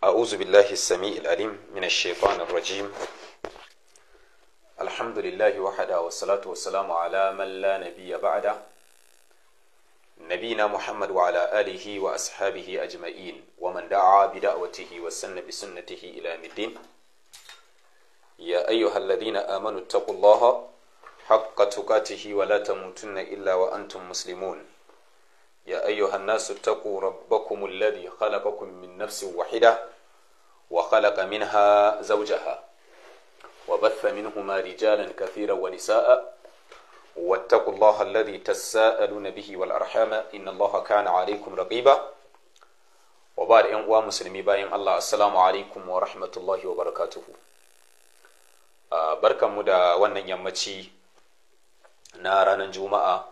أعوذ بالله السميع العليم من الشيطان الرجيم الحمد لله وحده والصلاة والسلام على من لا نبي بعده نبينا محمد وعلى آله وأصحابه أجمعين ومن دعا بدعوته وسن بسنته إلى الدين يا أيها الذين آمنوا اتقوا الله حق تقاته ولا تموتن إلا وأنتم مسلمون يا أيها الناس اتقوا ربكم الذي خلقكم من نفس واحدة وخلق منها زوجها وبث منهما رجالا كثيرا ونساء واتقوا الله الذي تساءلون به والأرحام إن الله كان عليكم رقيبا وبار إن مسلمي باين الله السلام عليكم ورحمة الله وبركاته barkanmu da wannan yammaci na ranar juma'a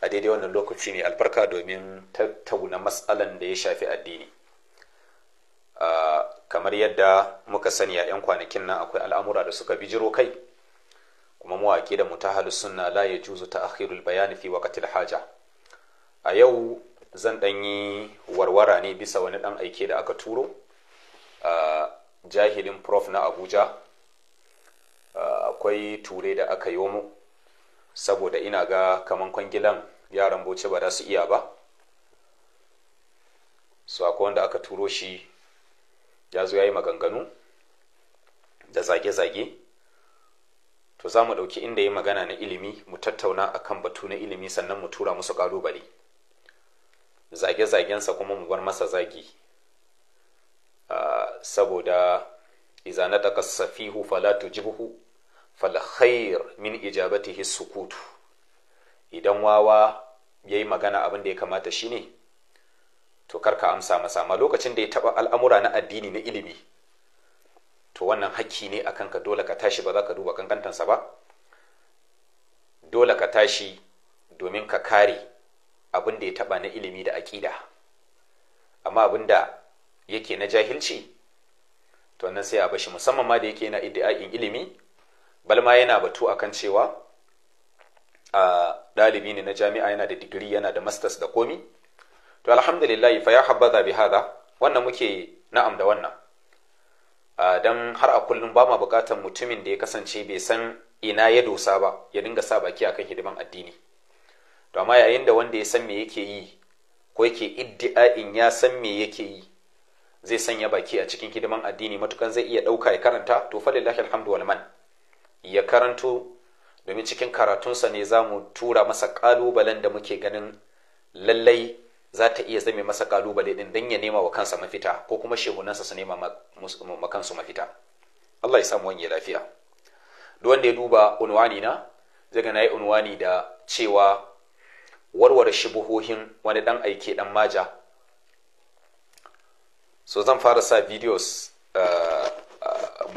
a daidai wannan lokaci ne albarka domin tattauna matsalan da ya shafi addini kamar yadda muka sani a 'yan kwanakin nan akwai al'amura da suka bijiro kai kuma mawaƙi da mutahalus sunna suna laye juzu ta akhirul bayani fi waqtil haja a yau zan ɗan yi warwara ne bisa wani ɗan aike da aka turo jahilin prof na abuja akwai ture da aka yi mu saboda ina ga kaman kwangilan yaran bauchi ba za su iya ba su akwai wanda aka turo shi ya zo ya yi maganganu da zage-zage to za mu ɗauki inda ya magana na ilimi mu tattauna a kan batu na ilimi sannan mu tura musu ƙalubale zage-zagensa kuma mu bar masa zagi ah, saboda daga safihu falatu, jibuhu. falkhair min ijabatihi sukutu idan wawa ya yi magana abin da ya kamata shine to karka amsa masa ma lokacin da ya taba al'amura na addini na ilimi to wannan hakki ne akan ka dole ka tashi ba za ka duba kankantansa ba dole ka tashi domin ka kare abin da ya taba na ilimi da aƙida amma abin da yake na jahilci to nan sai a bashi musamman ma da yake na iddi'a'in ilimi balma yana batu akan cewa a ɗalibi ne na jami'a yana da digiri yana da masters da komi to alhamdulillah fa ya habbaza bi hada wannan muke na'am da wannan don har a kullum ba ma buƙatar mutumin da ya kasance bai san ina ya dosa ba ya dinga sa baki akan hidiman addini to amma yayin da wanda ya san me yake yi ko yake iddi'a'in ya san me yake yi zai sanya baki a cikin hidiman addini matukan zai iya ɗauka ya karanta to falillahi alhamdu wal man ya karanto domin cikin karatunsa ne za mu tura masa kalubalen da muke ganin lallai za ta iya zame masa kalubale ɗin don ya nema wa kansa mafita ko kuma shehunansa su nema ma kansu mafita Allah ya samu wani lafiya duk wanda ya duba unwani na zai ga nayi unwani da cewa warware shubuhohin wani dan aike dan maja so zan fara sa videos uh,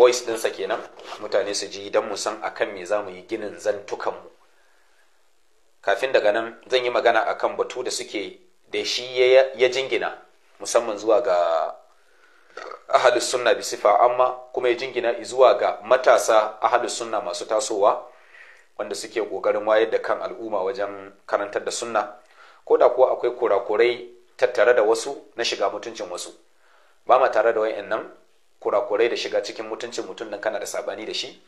voice sa kenan mutane su ji don mu san akan me za yi ginin zantukanmu kafin daga nan zan yi magana akan batu da suke da shi ya jingina musamman zuwa ga ahalus sunna bi sifa amma kuma ya jingina zuwa ga matasa ahalus sunna masu tasowa wanda suke kokarin wayar da kan al'umma wajen karantar da sunna ko da kuwa akwai kurakurai tattare da wasu na shiga mutuncin wasu ba ma tare da wayannan kurakurai da shiga cikin mutuncin mutum nan kana da sabani da shi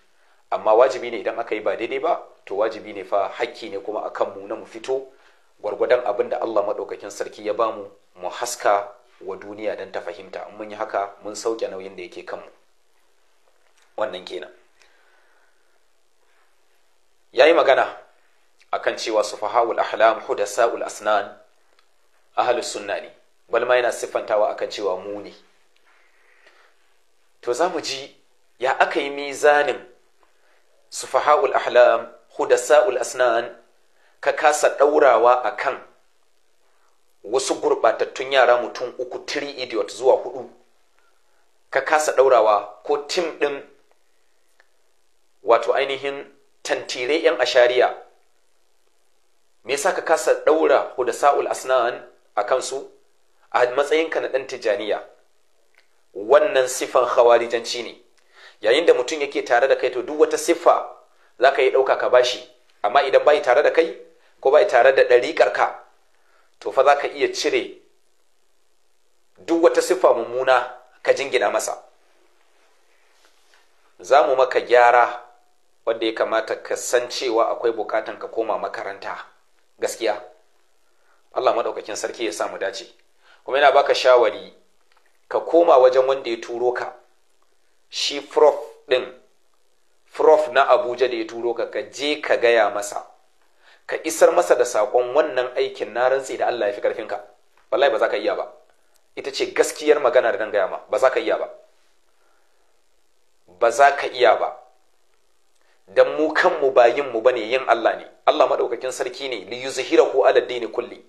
amma wajibi ne idan aka yi ba daidai ba to wajibi ne fa hakki ne kuma akan mu na mu fito gwargwadon abin da Allah maɗaukakin sarki ya bamu mu haska wa duniya don ta fahimta in mun yi haka mun sauke nauyin da yake kanmu wannan kenan ya yi magana akan cewa sufahawul ahlam hudasa'ul asnan ahlus sunna ne balma yana siffantawa akan cewa mu ne to za mu ji ya aka yi mizanin sufaha'ul ahlam hudasa'ul asnan ka kasa ɗaurawa a kan wasu gurɓatattun yara mutum uku tiri idiot zuwa hudu ka kasa ɗaurawa ko tim ɗin wato ainihin tantire 'yan ashariya me yasa ka kasa ɗaura hudasa'ul asnan a kansu a matsayinka na ɗan tijaniya wannan sifan hawarijanci ne yayin da mutum yake tare da kai to duk wata siffa za ka yi ɗauka ka bashi amma idan bai tare da kai ko bai tare da ɗariƙar ka to fa za ka iya cire duk wata siffa mummuna ka jingina masa za mu maka gyara wanda ya kamata ka san cewa akwai bukatan ka koma makaranta gaskiya Allah maɗaukakin sarki ya mu dace kuma yana baka shawari ka koma wajen wanda ya turo ka shi prof ɗin prof na abuja da ya turo ka ka je ka gaya masa ka isar masa da sakon wannan aikin na rantsi da allah ya fi ƙarfinka wallahi ba za ka iya ba ita ce gaskiyar magana da nan gaya ma ba za ka iya ba ba za ka iya ba dan mu kanmu ba yin mu bane yin Allah ne Allah madaukakin sarki ne li yuzhirahu ala dini kulli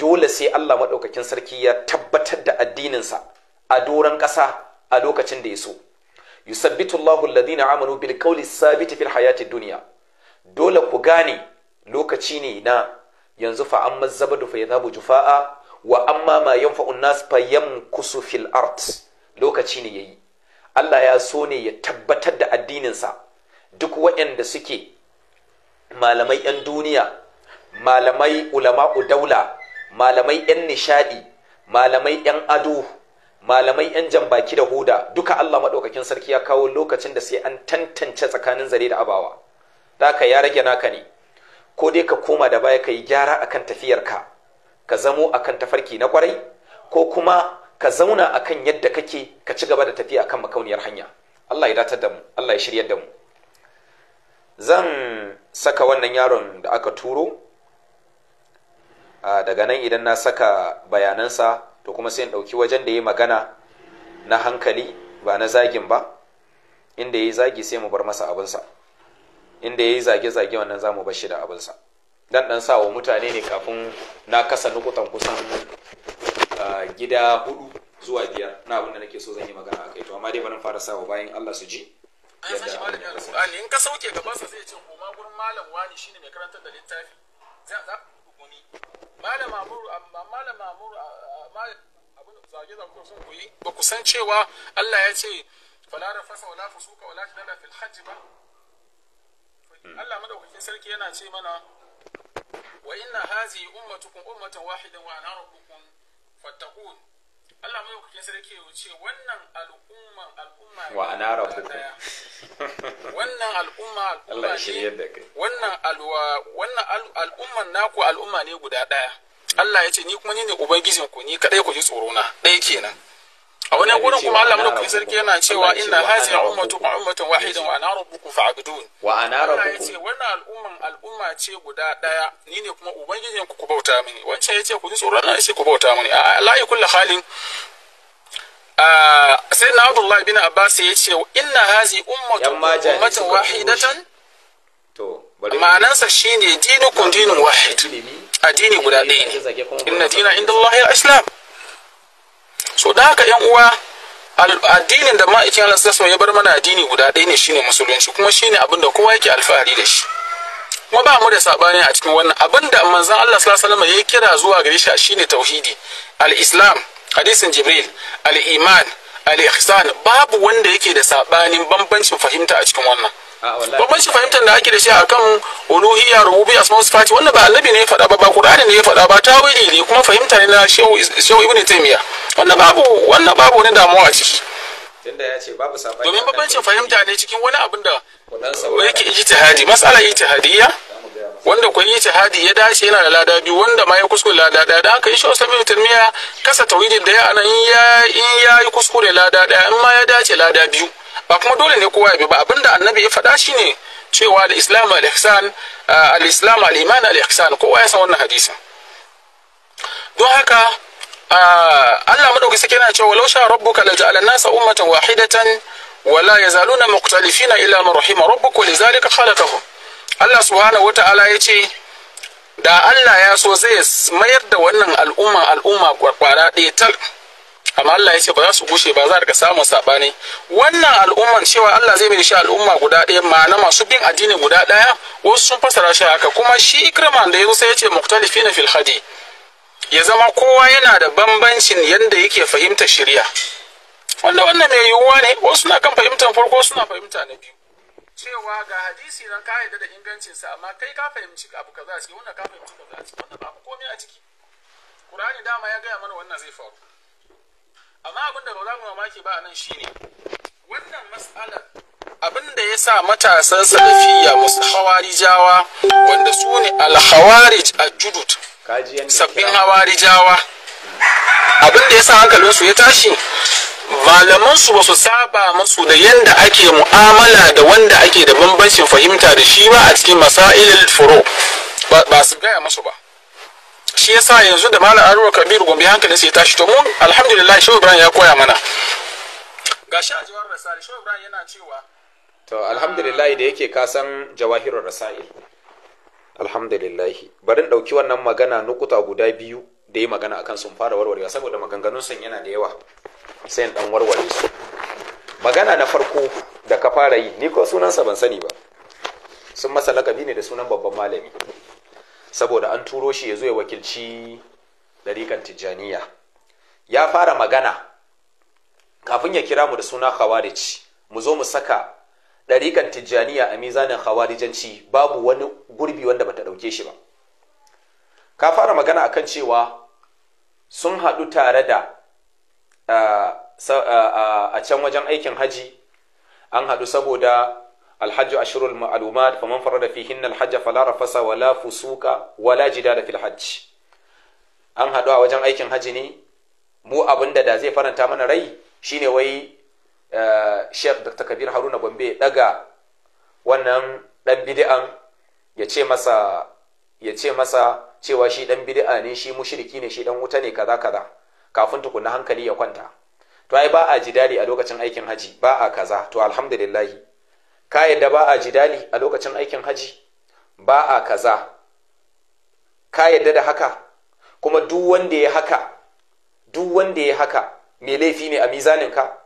dole sai Allah maɗaukakin sarki ya tabbatar da addininsa a doron ƙasa a lokacin da ya so yusabbitu Allahu alladhina amanu bil qawli sabiti fil hayati dunya dole ku gane lokaci ne na yanzu fa amma zabadu fa yadhabu jufaa wa amma ma yanfa'u nas fa yamkusu fil art. lokaci ne yayi Allah ya so ne ya tabbatar da addininsa duk waɗanda suke malamai 'yan duniya malamai ulama'u daula malamai yan nishadi malamai yan ado malamai yan jambaki da huda duka Allah maɗaukakin sarki ya kawo lokacin da sai an tantance tsakanin zare da abawa daka ya rage naka ne ko dai ka koma da baya ka yi gyara akan tafiyarka ka zamo akan tafarki na kwarai ko kuma ka zauna akan yadda kake ka ci gaba da tafiya akan makauniyar hanya Allah ya datar da mu Allah ya shiryar da mu zan saka wannan yaron da aka turo Ah, daga nan idan na saka bayanansa to kuma sai in ɗauki wajen da ya magana na hankali ba na zagin ba inda ya yi zagi sai mu bar masa abinsa inda ya yi zage-zage wannan za mu bashi da abinsa dan dan sa wa mutane ne kafin na kasa nukutan kusan ah, gida hudu zuwa biyar na abin da nake so zan yi magana a kai to amma dai barin fara wa bayan Allah su ji in ka sauke gaban su zai ce koma gurin malam wani shine mai karantar da littafi za ku gumi malam mamuru malam mamuru abin zage sun koyi ba ku san cewa Allah ya ce fala rafasa wala fusuka wala jidala fil hajj ba Allah madaukakin sarki yana ce mana wa inna hazihi ummatukum ummatan wahidan wa ana rabbukum fattaqun Allah mai sarki ya wa ana wannan al'umma al'umma wannan alwa wannan al'umman naku al'umma ne guda daya Allah ya ce ni kuma ni ne ubangijin ku ni kadai ku ji tsoro na ɗaya kenan a wani gurin kuma Allah mulku sarki yana cewa inna hazihi ummatukum ummatan wahidan wa ana rabbukum fa'budun wa ana rabbukum yace wannan al'umman al'umma ce guda daya ni ne kuma ubangijin ku ku bauta mini wancan yace ku ji tsoron na yace ku bauta mini a layi kullu halin sai na Abdullah bin Abbas ya ce inna hazi ummatukum ummatan wahidatan to ma'anansa shine dinukum dinun wahid addini guda ɗaya ne inna dina inda Allah al-islam so da haka yan uwa addinin da ma'aikin Allah sallallahu ya bar mana addini guda ɗaya ne shine musulunci kuma shine abin da kowa yake alfahari da shi kuma ba mu da sabani a cikin wannan abin da manzon Allah sallallahu alaihi wasallam ya kira zuwa gare shi shine tauhidi al-islam hadisin jibril al-iman al-ihsan babu wanda yake da sabanin bambancin fahimta a cikin wannan babban shi fahimtar da ake da shi akan uluhiyya a asma'u sifati wannan ba annabi ne ya faɗa ba ba qur'ani ne ya faɗa ba tawili ne kuma fahimta ne na shehu shehu ibnu taymiya wannan babu wannan babu wani damuwa a ciki tunda ya ce babu sabani domin shi fahimta ne cikin wani abin da yake ijtihadi mas'ala ijtihadiyya wanda kun yi jihadi ya dace yana da lada biyu wanda ma ya kuskure lada daya da haka insha Allah mai tarmiya kasa tauhidin da ya anan in ya yi kuskure lada daya in ma ya dace lada biyu ba kuma dole ne kowa ya bi ba abinda annabi ya faɗa ne cewa da islamu al-ihsan ah, al-islam al-iman al-ihsan kowa ya san wannan hadisin don haka ah, Allah madauki sake yana cewa walau sha rabbuka la ja'ala nasa ummatan wahidatan wala yazaluna mukhtalifina illa man rahima rabbuka lidhalika khalaqahum Allah subhanahu wata'ala yace da Allah ya so zai mayar da wannan al'umma al'umma kwakwara ɗaya tal amma Allah ya ce ba za su gushe ba za daga samun sabani wannan al'umman cewa Allah zai mai shi al'umma guda ɗaya ma'ana masu bin addini guda ɗaya wasu sun fasara shi haka kuma shi ikraman da yanzu sai ya ce mukhtalifina fil hadi ya zama kowa yana da bambancin yadda yake fahimta shirya. wanda wannan mai yiwuwa ne wasu na kan fahimtar farko suna fahimta na biyu cewa ga hadisi nan ka yadda da ingancinsa amma kai ka fahimci abu kaza ce wannan ka fahimci kaza ce wannan ba komai a ciki Qur'ani dama ya gaya mana wannan zai faru amma abin da ba za mu mamaki ba nan shine wannan mas'alar abin da ya sa matasan salafiya musu hawarijawa wanda su ne alhawarij a judut sabbin hawarijawa abin da ya sa hankalinsu ya tashi malamansu ba su saba masu da yadda ake mu'amala da wanda ake da bambancin fahimta da shi ba a cikin masailin furo ba su gaya masu ba shi yasa yanzu da malam Kabiru Gombe hankalin sai ya tashi to mu alhamdulillah Shehu Ibrahim ya koya mana gashi a jawar rasail Shehu Ibrahim yana cewa to alhamdulillah da yake ka san jawahirul rasail alhamdulillah barin dauki wannan magana nukuta guda biyu da yi magana akan sun fara warwarewa saboda maganganun sun yana da yawa sai in dan warware su magana na farko da ka fara yi ni ko sunansa ban sani ba sun masa lakabi ne da sunan babban malami saboda an turo shi ya zo ya wakilci ɗariƙan tijjaniya ya fara magana kafin ya kira mu da suna khawarij mu zo mu saka ɗariƙan tijjaniya a mizanin khawarijanci babu wani gurbi wanda bata ɗauke shi ba ka fara magana a kan cewa sun haɗu tare da ah, ah, ah, a can wajen aikin haji an haɗu saboda الحج أشهر المعلومات فمن فرد فيهن الحج فلا رفس ولا فسوق ولا جدال في الحج an haɗu a wajen aikin hajji ne mu abin da zai faranta mana rai shine wai sheikh dr kabir haruna gombe daga wannan dan bid'an ya ce masa cewa shi dan bidi'a ne shi mushriki ne shi dan wuta ne kaza kaza kafin tukunna hankali ya kwanta to ai ba a ji dadi a lokacin aikin haji ba a kaza to alhamdulillah ka yadda ba a jidali a lokacin aikin haji ba a kaza ka yadda da haka kuma duk wanda ya haka duk wanda ya haka mai laifi ne a mizaninka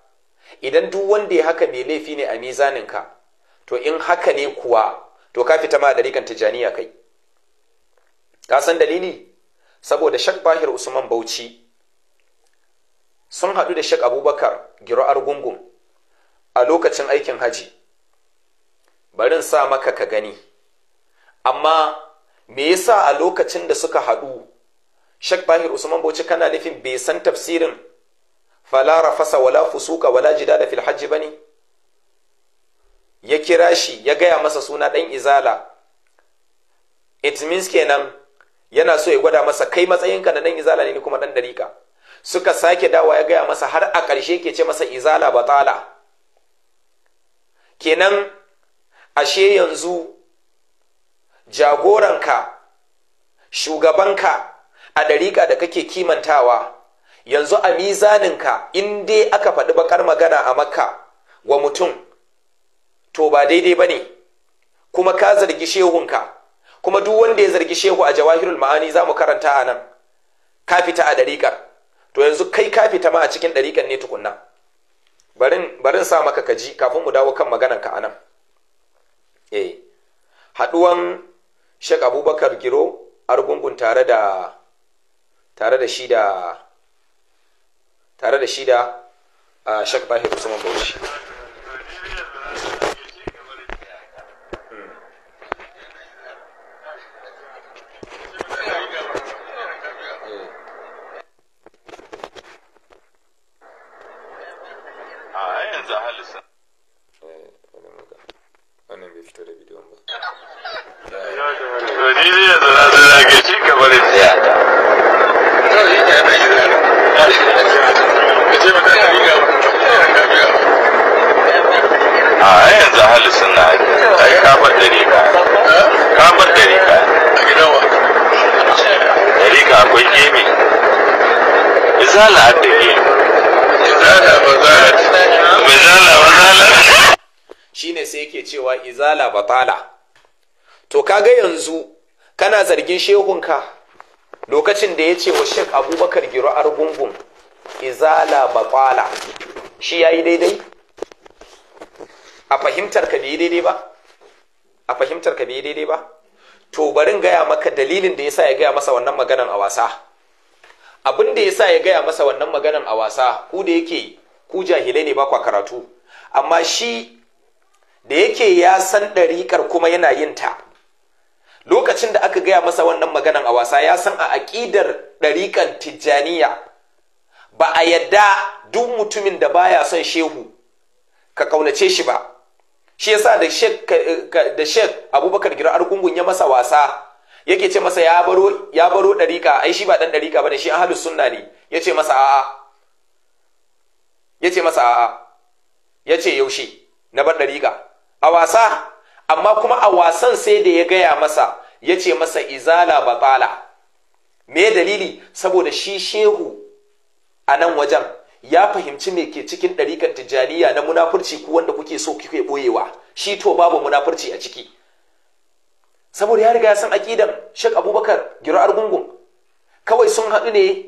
idan duk wanda ya haka mai laifi ne a mizaninka to in haka ne kuwa to ka fita ma a tijaniya kai ka san dalili saboda shak bahir usman bauchi sun haɗu da shak abubakar giro argungun a lokacin aikin haji barin sa maka ka gani amma me yasa a lokacin da suka haɗu Sheikh bahir Usman Bauchi kana nufin bai san tafsirin fala rafasa wala fusuka wala da fil hajji ne? ya kira shi ya gaya masa suna ɗan izala it means kenan yana so ya gwada masa kai matsayinka na ɗan izala ne kuma ɗan dariƙa suka sake dawa ya gaya masa har a ƙarshe ke ce masa izala batala kenan ashe yanzu jagoranka shugabanka a ɗariƙa da kake kimantawa yanzu a mizaninka in dai aka faɗi bakar magana a makka wa mutum to ba daidai ba ne kuma ka zargi shehunka kuma duk wanda ya zargi shehu a jawahirul ma'ani za mu karanta a nan ka fita a ɗariƙar to yanzu kai ka fita ma a cikin ɗariƙar ne tukunna barin sa maka kaji kafin mu dawo kan magananka a nan e haduwan Sheikh Abubakar Giro Argungun tare da tare da shi da tare ah, Sheikh Bahir Usman Bauchi kaga yanzu kana zargin shehunka lokacin da ya ce wa shek abubakar giro argungun izala baƙwala shi ya yi daidai a fahimtar ka bai daidai ba a fahimtar ka bai daidai ba to barin gaya maka dalilin da ya sa ya gaya masa wannan maganan a wasa abin da ya sa ya gaya masa wannan maganan a wasa ku da yake ku jahilai ne ba kwa karatu amma shi da yake ya san ɗariƙar kuma yana yin ta lokacin da aka gaya masa wannan maganan a wasa ya san a aƙidar ɗarikan tijjaniya ba a yadda duk mutumin da baya son shehu ka kaunace shi ba shi yasa da shek da shek abubakar gira argungun ya masa wasa yake ce masa ya baro ya baro ɗariƙa ai shi ba ɗan ɗariƙa ne shi ahlus sunna ne yace masa a'a yace masa a'a yace yaushe na bar ɗarika a wasa amma kuma a wasan sai da ya gaya masa ya ce masa izala batala me dalili saboda shi shehu a nan wajen ya fahimci me ke cikin ɗarikar tijjaniya na munafurci ku wanda kuke so kuke ɓoyewa shi to babu munafurci a ciki saboda ya riga ya san aƙidan shek abubakar giro argungun kawai sun haɗu ne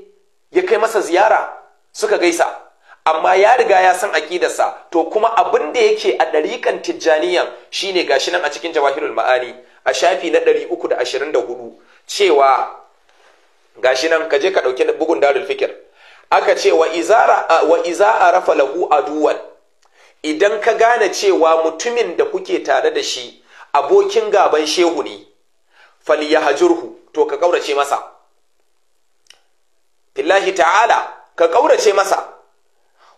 ya kai masa ziyara suka gaisa amma ya riga ya san aqidarsa to kuma abin da yake a dariƙan tijjaniyan shine gashi nan a cikin jawahirul ma'ani a shafi na 324 cewa gashi nan kaje ka dauki bugun darul fikir aka ce wa izara wa iza arafa lahu aduwan idan ka gane cewa mutumin da kuke tare da shi abokin gaban shehu ne falyahjurhu to ka kaurace masa billahi ta'ala ka kaurace masa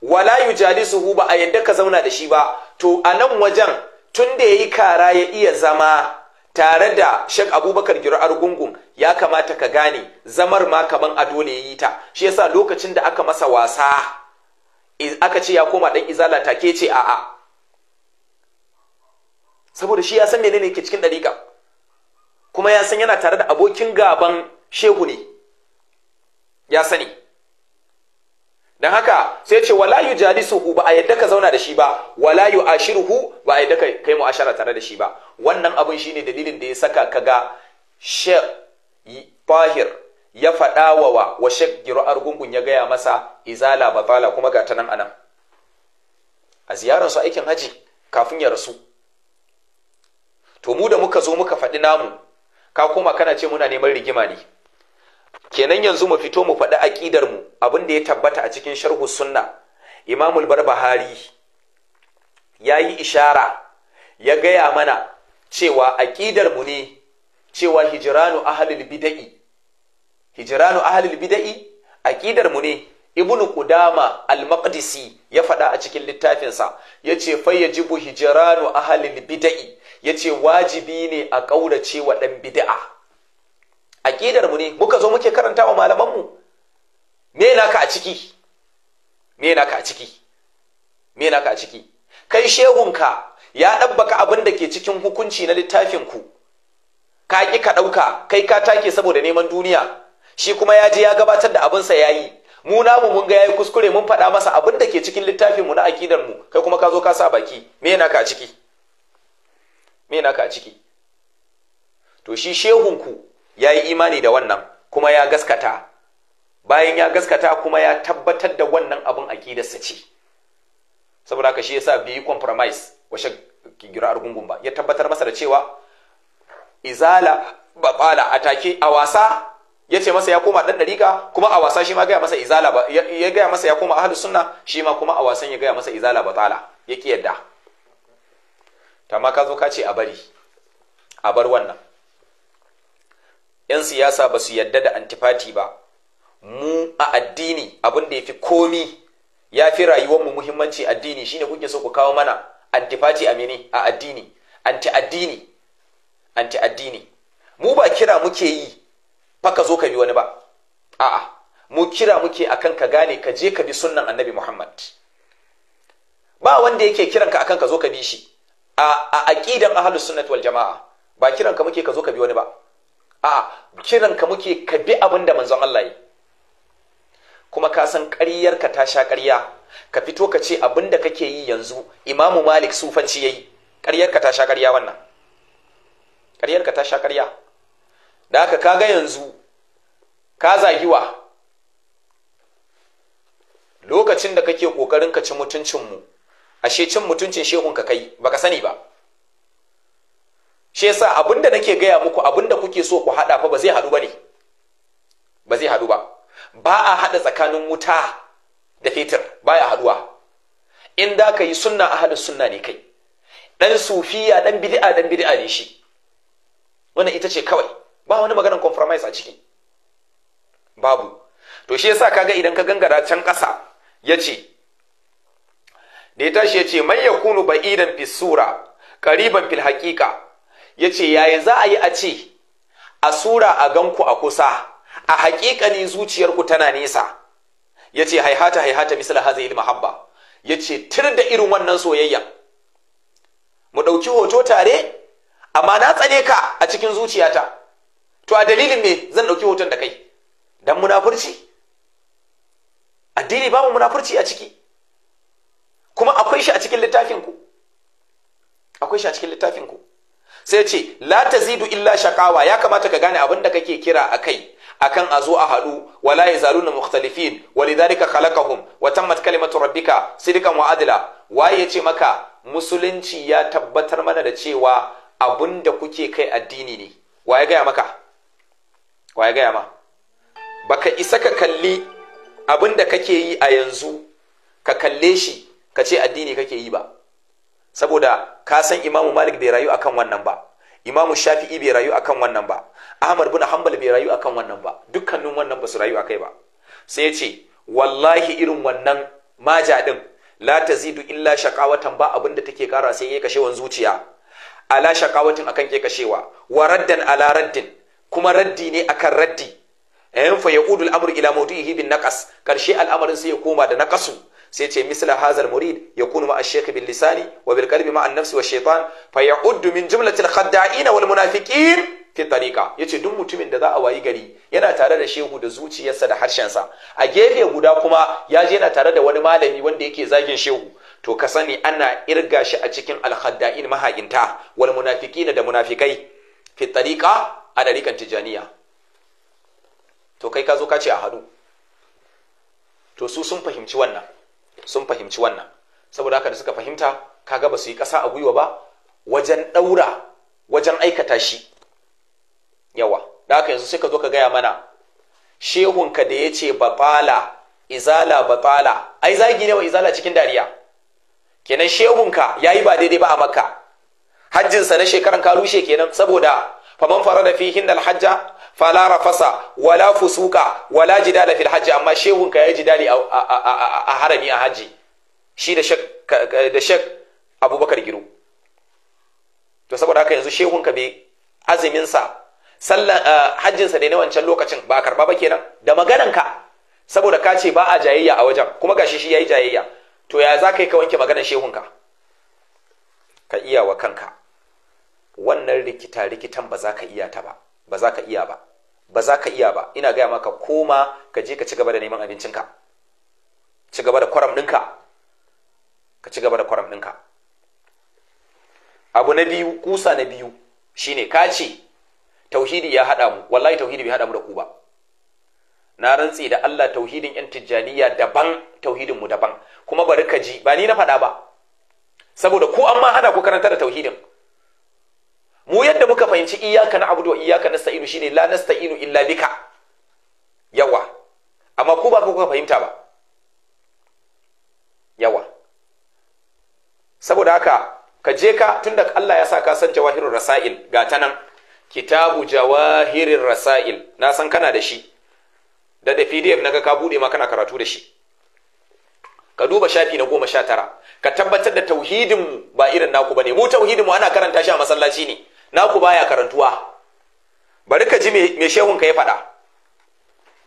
wala yujalisuhu ba a yadda ka zauna da shi ba to a nan wajen tun da yayi kara ya iya zama tare da Sheikh Abubakar Giro Argungun ya kamata ka gane zamar ma kaman ado ne yayi ta shi yasa lokacin da aka masa wasa aka ce ya koma dan izala take ce a'a saboda shi ya san menene ke cikin dariƙa kuma ya san yana tare da abokin gaban shehu ne ya sani dan haka sai ce wala yujalisuhu ba a yadda ka zauna da shi ba wala yuashiruhu ba a yadda kai kai mu'ashara tare da shi ba wannan abin shine dalilin da ya saka kaga Sheikh Fahir ya fada wa wa Sheikh Giro Argungun ya gaya masa izala batala kuma ga ta nan anan a ziyarar su aikin haji kafin ya rasu to mu da muka zo muka faɗi namu ka koma kana ce muna neman rigima ne kenan yanzu mu fito mu faɗi aƙidar mu abin da ya tabbata a cikin sharhu sunna imamul barbahari ya yi ishara ya gaya mana cewa aƙidar mu ne cewa hijiranu ahalil bida'i hijiranu ahalil bida'i aƙidar mu ne ibnu qudama al-maqdisi ya faɗa a cikin littafinsa yace fa yajibu hijiranu ahalil bida'i yace wajibi ne a ƙaurace wa ɗan bid'a aƙidar mu ne muka zo muke karanta wa malaman mu me naka a ciki me naka a ciki me naka a ciki kai ka ya dabbaka abin da ke cikin hukunci na littafin ku ka ki ka dauka kai ka take saboda neman duniya shi kuma ya je ya gabatar da abin sa yayi mu namu mun ga yayi kuskure mun faɗa masa abin da ke cikin littafin mu na akidar mu kai kuma ka zo ka sa baki me naka a ciki me naka a ciki to shi shehun ku ya yi imani da wannan kuma ya gaskata bayan ya gaskata kuma ya tabbatar da wannan abin aƙidarsa ce saboda haka shi yasa sa yi compromise washe kigira argungun ba ya tabbatar masa da cewa izala babala atake a wasa ya ce masa ya koma ɗan ɗariƙa kuma a wasa shi ma gaya masa izala ba ya gaya masa ya koma ahlu sunna shi ma kuma a wasan ya gaya masa izala batala ya ki yadda tamma ka zo ka ce a bari a bar wannan 'yan siyasa ba su yadda da antifati ba mu a addini abin da ya fi komi ya fi rayuwarmu muhimmanci addini shine kuke so ku kawo mana antifati a mene a addini anti addini anti addini mu ba kira muke yi fa ka zo ka bi wani ba a'a mu kira muke akan ka gane ka je ka bi sunnan annabi muhammad ba wanda yake kiran ka akan ka zo ka bi shi a aqidan ahlus sunnati wal jamaa ba ka muke ka zo ka bi wani ba a kiran muke ka bi abin da manzon Allah yi kuma ka san ƙaryar ka ta sha ƙarya ka fito ka ce abin da kake yi yanzu imamu malik sufanci yayi ƙaryar ka ta sha ƙarya wannan ƙaryar ta sha ƙarya da haka kaga yanzu ka zagiwa lokacin da kake kokarin ka ci mutuncin mu ashe cin mutuncin shehun ka kai baka sani ba shi yasa abinda nake gaya muku da kuke so ku hada fa ba zai hadu bane ba zai hadu ba ba a hada tsakanin wuta da fetur baya haduwa in da ka yi sunna a hada sunna ne kai dan sufiya dan bid'a dan bid'a ne shi wannan ita ce kawai ba wani maganar compromise a ciki babu to shi yasa kaga idan ka gangara can ƙasa yace da ya tashi yace man yakunu ba'idan fi sura qariban fil haqiqa ya ce yaya za a yi a ce a sura a ganku a kusa a haƙiƙani zuciyarku tana nesa ya ce haihata haihata haza yi mahabba ya ce tir da irin wannan soyayya mu ɗauki hoto tare amma na tsane ka a cikin zuciyata to a dalilin me zan ɗauki hoton da kai don munafurci addini babu munafurci a ciki kuma akwai shi a cikin littafinku akwai shi a cikin littafinku sai ce la tazidu illa shaqawa ya kamata ka gane abin da kake kira akai akan a zo a haɗu wala yazaluna mukhtalifin walidhalika khalaqahum wa tammat kalimatu rabbika sidqan wa adla waye ya ce maka musulunci ya tabbatar mana da cewa abin da kuke kai addini ne waye gaya maka waye gaya ma baka isa ka kalli abin da kake yi a yanzu ka kalle shi ka ce addini kake yi ba saboda ka san imamu malik bai rayu akan wannan ba imamu shafi'i bai rayu akan wannan ba ahmad bin hanbal bai rayu akan wannan ba dukkanin wannan ba su rayu akai ba sai ya ce wallahi irin wannan maja din la tazidu illa shaqawatan ba abin da take kara sai yake kashewan zuciya ala shaqawatin akan ke kashewa wa raddan ala raddin kuma raddi ne akan raddi ayan fa yaudu al-amru ila mawdihi bin naqas karshe al'amarin sai ya koma da naqasu sai ce misla hazal murid ya ma ash-shaykh bil lisani wa bil qalbi ma an-nafsi wa shaytan fa ya'uddu min jumlatil khadda'ina wal munafiqin fi tariqa yace duk mutumin da za a wayi gari yana tare da shehu da zuciyarsa da harshensa a gefe guda kuma ya je yana tare da wani malami wanda yake zagin shehu to ka sani ana irga shi a cikin al-khadda'in maha'inta wal munafiqina da munafikai fi tariqa a dariƙan tijaniya to kai ka zo ka ce a hadu to su sun fahimci wannan sun fahimci wannan saboda haka da suka fahimta kaga ba su yi ƙasa a gwiwa ba wajen ɗaura wajen aikata shi yawa da haka yanzu sai ka zo ka gaya mana shehunka da ya ce batsala izala batsala ai zagi ne wa izala cikin dariya kenan shehunka ya yi ba daidai ba a makka hajjinsa na shekaran ka rushe kenan saboda faman fara da fihin hajja. fala rafasa wala fusuka wala jidala fil hajji amma shehun ka ya jidali a harami a haji. shi da shek da shek abubakar giru to saboda haka yanzu shehun ka bai azumin sa sallan hajjin sa ne na wancan lokacin ba karba ba kenan da maganan ka saboda ka ce ba a jayayya a wajen kuma gashi shi yayi jayayya to ya za ka yi ka wanke maganar shehun ka ka iya wa kanka wannan rikita rikitan ba za ka iya ta ba ba za ka iya ba ba za ka iya ba ina gaya maka koma ka je ka ci gaba da neman abincinka ci gaba da kwaram ɗinka ka ci gaba da kwaram ɗinka abu na biyu kusa na biyu shine ka ce tauhidi ya haɗa mu wallahi tauhidi bai haɗa mu da ku ba na rantse da Allah tauhidin yan tijjaniya daban tauhidin mu daban kuma bari ka ji ba ni na faɗa ba saboda ko an ma hana ku karanta da tauhidin mu yadda muka fahimci iyaka abu da iyaka na sainu shine la nasta'inu illa bika yawa amma ku ba kuka fahimta ba yawa saboda haka ka je ka tunda Allah ya sa ka san jawahirur rasail ga ta nan kitabu jawahirur rasail na san kana da shi da da PDF naga ka bude ma kana karatu da shi ka duba shafi na goma sha tara ka tabbatar da tauhidinmu ba irin naku ba ne mu tauhidinmu ana karanta shi a masallaci ne naku baya karantuwa bari ka ji me ka ya faɗa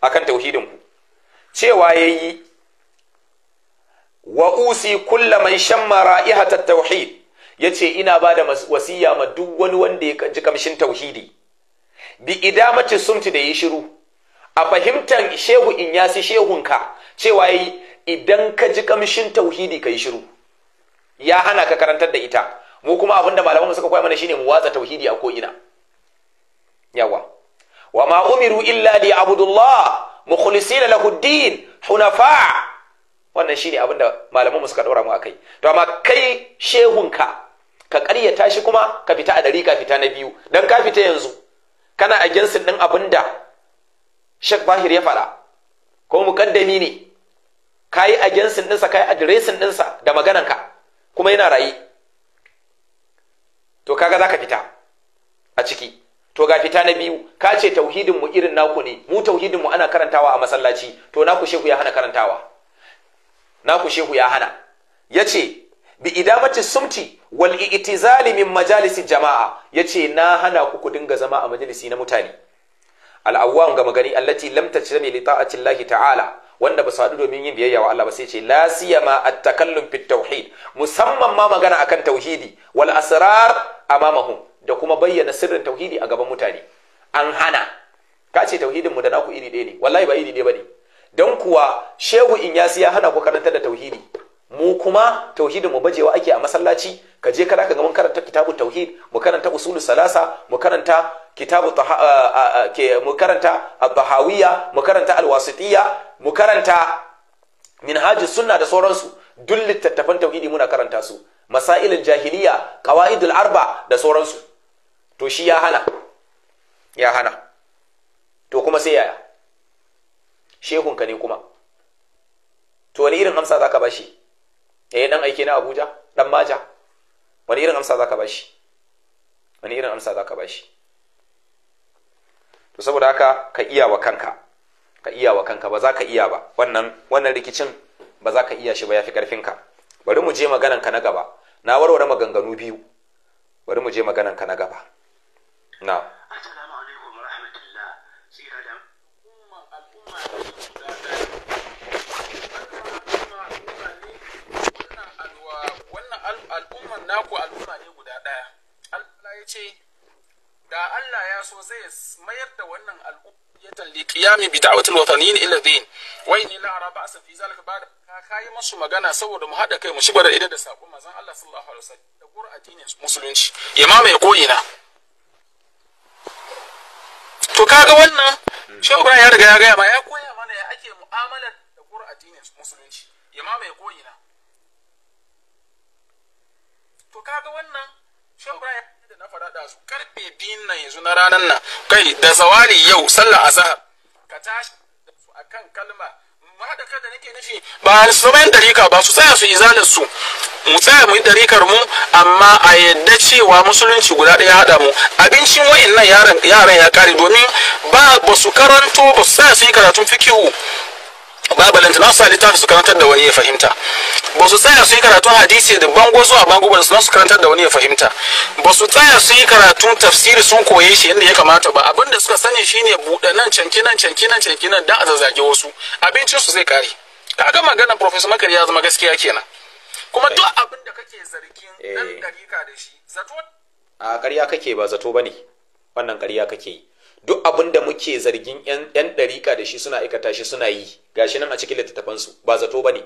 A kan tauhidinku cewa ya yi wa usi kulla shan shamma ra'ihata tauhid ce ina ba da wasiya ma duk wani wanda ya ji kamshin tauhidi bi idamati sumti da yi shiru a fahimtar shehu in yasi shehunka cewa ya yi idan ka ji kamshin tauhidi ka yi shiru ya hana ka karantar da ita mu kuma abin da malaman suka koya mana shine mu watsa tauhidi a ko'ina yawa wa ma umiru illa li abudullah mukhlisina lahu ad-din hunafa wannan shine abin da malaman suka daura mu akai to amma kai shehunka ka ƙaryata shi kuma ka fita a dari fita na biyu dan ka fita yanzu kana against din abinda Sheikh Bahir ya faɗa ko mukaddami ne kayi agensin ɗinsa kayi adiresin ɗinsa da ka kuma yana rayi to kaga zaka fita a ciki to ga fita na biyu ka ce tauhidin mu irin naku ne mu tauhidin mu ana karantawa a masallaci to naku shehu ya hana karantawa naku shehu ya hana yace bi idamati sumti wal i'tizali min majalisi jama'a yace na hana ku ku dinga zama a majalisi na mutane al-awwam ga magani allati lam tajrami li ta'ati ta'ala wanda ba su haɗu domin yin biyayya wa Allah ba sai ce la siyama at-takallum fit tauhid musamman ma magana akan tauhidi wal asrar amamahum da kuma bayyana sirrin tauhidi a gaban mutane an hana ka ce tauhidin mu da naku iri ɗaya ne wallahi ba iri ɗaya bane Dan kuwa shehu in ya hana ku karanta da tauhidi mu kuma tauhidin mu bajewa ake a masallaci ka je kada ka ga mun karanta kitabu tauhid mu karanta usulu salasa mu karanta kitabu mu karanta abahawiya mu karanta alwasitiya mu karanta minhajus sunna da sauransu duk littattafan tauhidi muna karanta su masailul jahiliya qawaidul arba da sauransu to shi ya hana ya hana to kuma sai yaya shehunka ne kuma to wani irin amsa zaka bashi eh nan aike na Abuja dan maja wani irin amsa zaka bashi wani irin amsa zaka bashi to saboda haka ka iya wa kanka ka iya wa kanka ba za ka iya ba wannan wannan rikicin ba za ka iya shi ba yafi karfinka bari mu je magananka ka na gaba na warware maganganu biyu bari mu je magananka ka na gaba na assalamu alaikum Allah ya so zai mayar da wannan al'ummatan li qiyami bi da'watil watanin ila din wai ni la ara ba'sa fi zalika ba ka kai musu magana saboda mu hada kai mu shigar da ida da sako manzon Allah sallallahu alaihi wasallam da gur addinin musulunci imama ya ko ina to kaga wannan shehu ya riga ya gaya ma ya koya mana ya ake mu'amalar da gur addinin musulunci imama ya ko ina to kaga wannan shehu ya yadda na faɗa da su karfe biyun nan yanzu na ranar nan kai da zawali yau sallar azahar ka tashi da su kan kalma ma da nake nufi ba su bayan dariƙa ba su tsaya su izalar su mu tsaya mu yi dariƙar mu amma a yadda cewa musulunci guda ɗaya haɗa mu abincin wa'in nan yaran ya kare domin ba su karanto ba su tsaya su yi karatun fikihu babalanta na su littafi su karantar da wani ya fahimta ba su tsaya su yi karatun hadisi da bango zuwa bango ba su karantar da wani ya fahimta ba su tsaya su yi karatu tafsiri sun koye shi yadda ya kamata ba abin da suka sani shine buɗe nan canki nan canki nan canki nan dan a zazzage wasu abincin su zai kare kaga maganar professor makari ya zama gaskiya kenan kuma duk eh. abinda kake zargin dan eh. dakika da shi zato a ƙarya kake ba zato bane wannan ƙarya kake yi duk abin da muke zargin yan ɗarika da shi suna aikata shi suna yi Ga shi nan a cikin littattafansu ba zato ba ne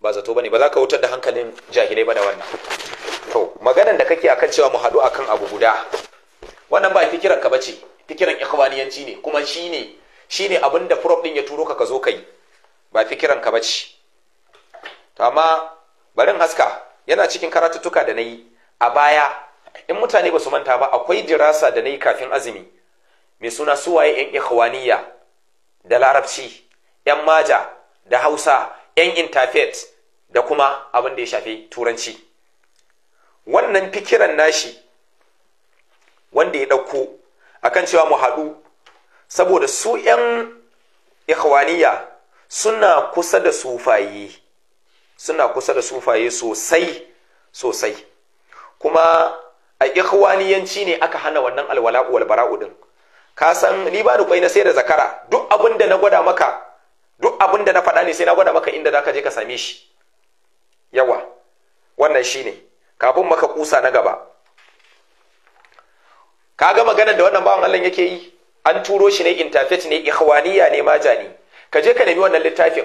ba zato ba ne ba za ka wutar da hankalin jahilai ba da wannan to maganan da kake akan cewa mu haɗu akan abu guda wannan ba fikiran ka bace fikiran ikhwaniyanci ne kuma shi ne abin da prof ɗin ya turo ka ka zo yi ba fikiran ka bace to amma barin haska yana cikin karatuttuka da na yi. a baya in mutane ba su manta ba akwai dirasa da na yi kafin azumi mai suna suwaye yan ikhwaniya da larabci yan maja da hausa yan interfet da kuma abin da ya shafi turanci wannan fikiran nashi wanda ya ɗauko akan cewa mu haɗu saboda su yan ikhwaniya suna kusa da sufaye suna kusa da sufaye sosai sosai kuma a ikhwaniyanci ne aka hana wannan alwala'u wal bara'u din ka san ni ba ni kwai na sai da zakara duk abin da na gwada maka duk abin da na faɗa ne sai na gwada maka inda zaka je ka same shi yawa wannan shine kafin maka kusa na gaba ka ga maganar da wannan bawan Allah yake yi an turo shi ne intafet ne ikhwaniya ne majani ka je ka nemi wannan littafin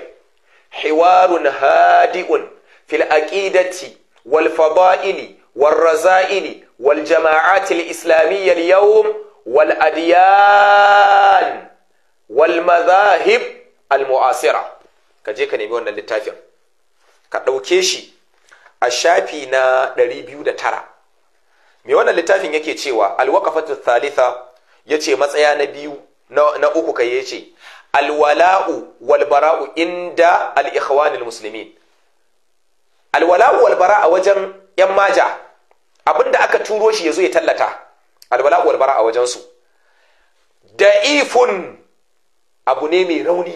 hiwarun hadi'un fil aqidati wal fada'ili wal raza'ili wal jama'ati al islamiyya wal adiyan wal mazahib ka je ka nemi wannan littafin ka ɗauke shi a shafi na 209 me wannan littafin yake cewa alwaqafatu thalitha yace matsaya na biyu na uku kai yace alwala'u walbara'u inda al-ikhwanil muslimin alwala'u walbara a wajen yan maja abinda aka turo shi yazo ya tallata albala walbara a wajensu da'ifun abu ne mai rauni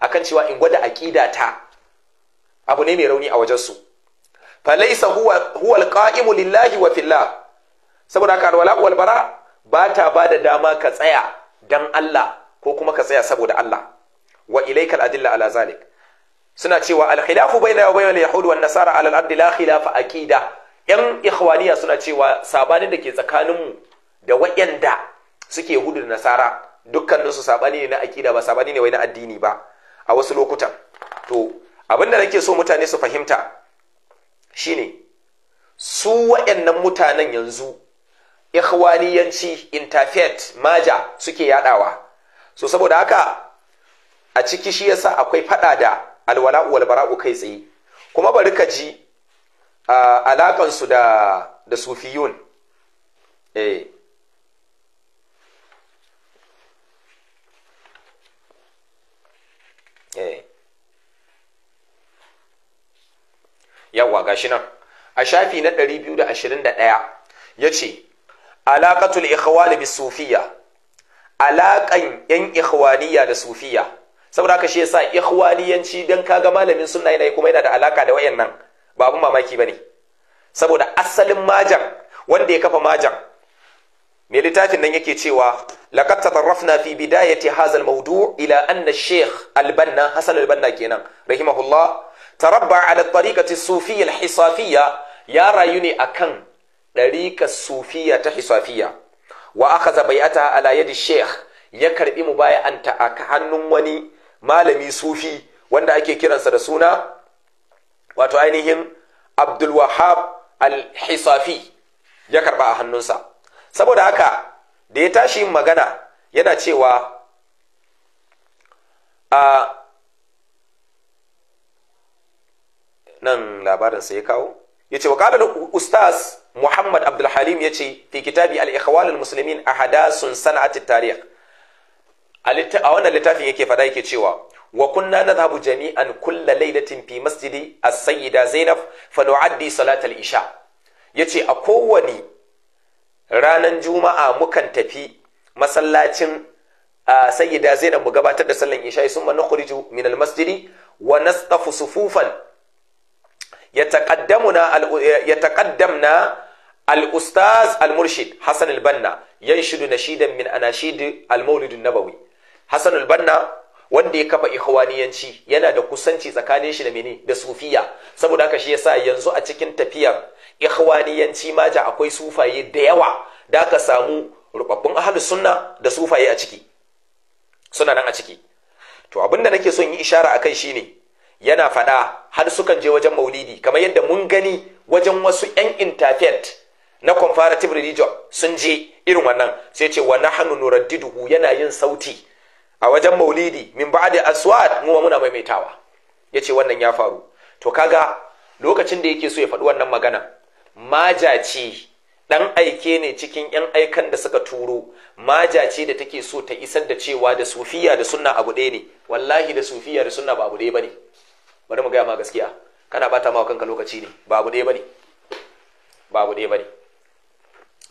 akan cewa in gwada aqida ta abu ne mai rauni a wajensu falaisa huwa huwa alqa'imu lillahi wa fillah saboda haka alwala wal ba ta da dama ka tsaya dan Allah ko kuma ka tsaya saboda Allah wa ilaikal adilla ala zalik suna cewa alkhilafu baina wa bainal yahud wan nasara ala al-ardi la khilafa aqida yan ikhwaniya suna cewa sabanin da ke tsakaninmu da waɗanda suke hudu da nasara dukkaninsu saɓani ne na aƙida, ba saɓani ne wai na addini ba a wasu lokutan to abinda nake so mutane su fahimta shine su waɗannan mutanen yanzu ikhwaniyanci interfaith maja suke yadawa so saboda haka a ciki shi yasa akwai fada da alwala wal bara'u kai tsaye kuma bari ka ji alakan su da da sufiyun eh yawwa gashi nan a shafi na 221 ce alaqatul ikhwan bis Sufiya alaƙan yan ikhwaniya da sufiya saboda haka shi yasa ikhwaniyanci dan kaga malamin sunna yana kuma yana da alaka da wayannan ba abun mamaki bane saboda asalin majan wanda ya kafa majan mai littafin nan yake cewa laqad tatarrafna fi bidayati hadha al-mawdu' ila anna ash-shaykh al-banna hasan al-banna kenan rahimahullah tarabba ala tariqati sufiyya al-hisafiyya ya rayu ne akan ɗariƙar sufiya ta hisafiya wa akhadha bai'ataha ala yadi sheikh ya karbi mubaya'anta a hannun wani malami sufi wanda ake kiransa da suna wato ainihin Abdul Wahab al-Hisafi ya karba a hannunsa saboda haka da ya tashi magana yana cewa a nan labarinsa ya kawo ya ce wa ustaz muhammad abdulhalim ya ce fi kitabi al Musulmin a muslimin ahadasun sana'atit a wannan littafin yake faɗa yake cewa wa kunna nadhhabu jami'an kulla lailatin fi masjidi a sayyida zainab fa nu'addi salat Isha." isha yace a kowani ranar juma'a mukan tafi masallacin sayyida zainab mu gabatar da sallan isha sun ma nukhriju min al-masjidi wa nastafu sufufan yataqaddamna al-ustaz al-murshid Hassan al-Banna yanshidu nashidan min anashid al-Maulid an-Nabawi Hassan al-Banna wanda ya kafa ikhwaniyanci yana da kusanci tsakanin shi da mene da sufiya saboda haka shi yasa yanzu a cikin tafiyar ikhwaniyanci ma ja akwai sufaye da yawa da aka samu rubabbun ahlus sunna da sufaye a ciki suna nan a ciki to abinda nake son yi ishara akai shine yana faɗa har sukan je wajen maulidi kamar yadda mun gani wajen wasu 'yan intafet na comparative religion sun je irin wannan sai ce wa na nahnu nuraddiduhu yana yin sauti a wajen maulidi min da aswad mu muna maimaitawa ce wannan ya faru to kaga lokacin da yake so ya faɗi wannan magana majaci dan aike ne cikin yan aikan da suka turo majaci da take so ta isar da cewa da sufiya da sunna abu ɗaya ne wallahi da sufiya da sunna ba abu ɗaya bane bari mu gaya ma gaskiya kana bata ma kanka lokaci ne babu ɗaya bane babu ɗaya bane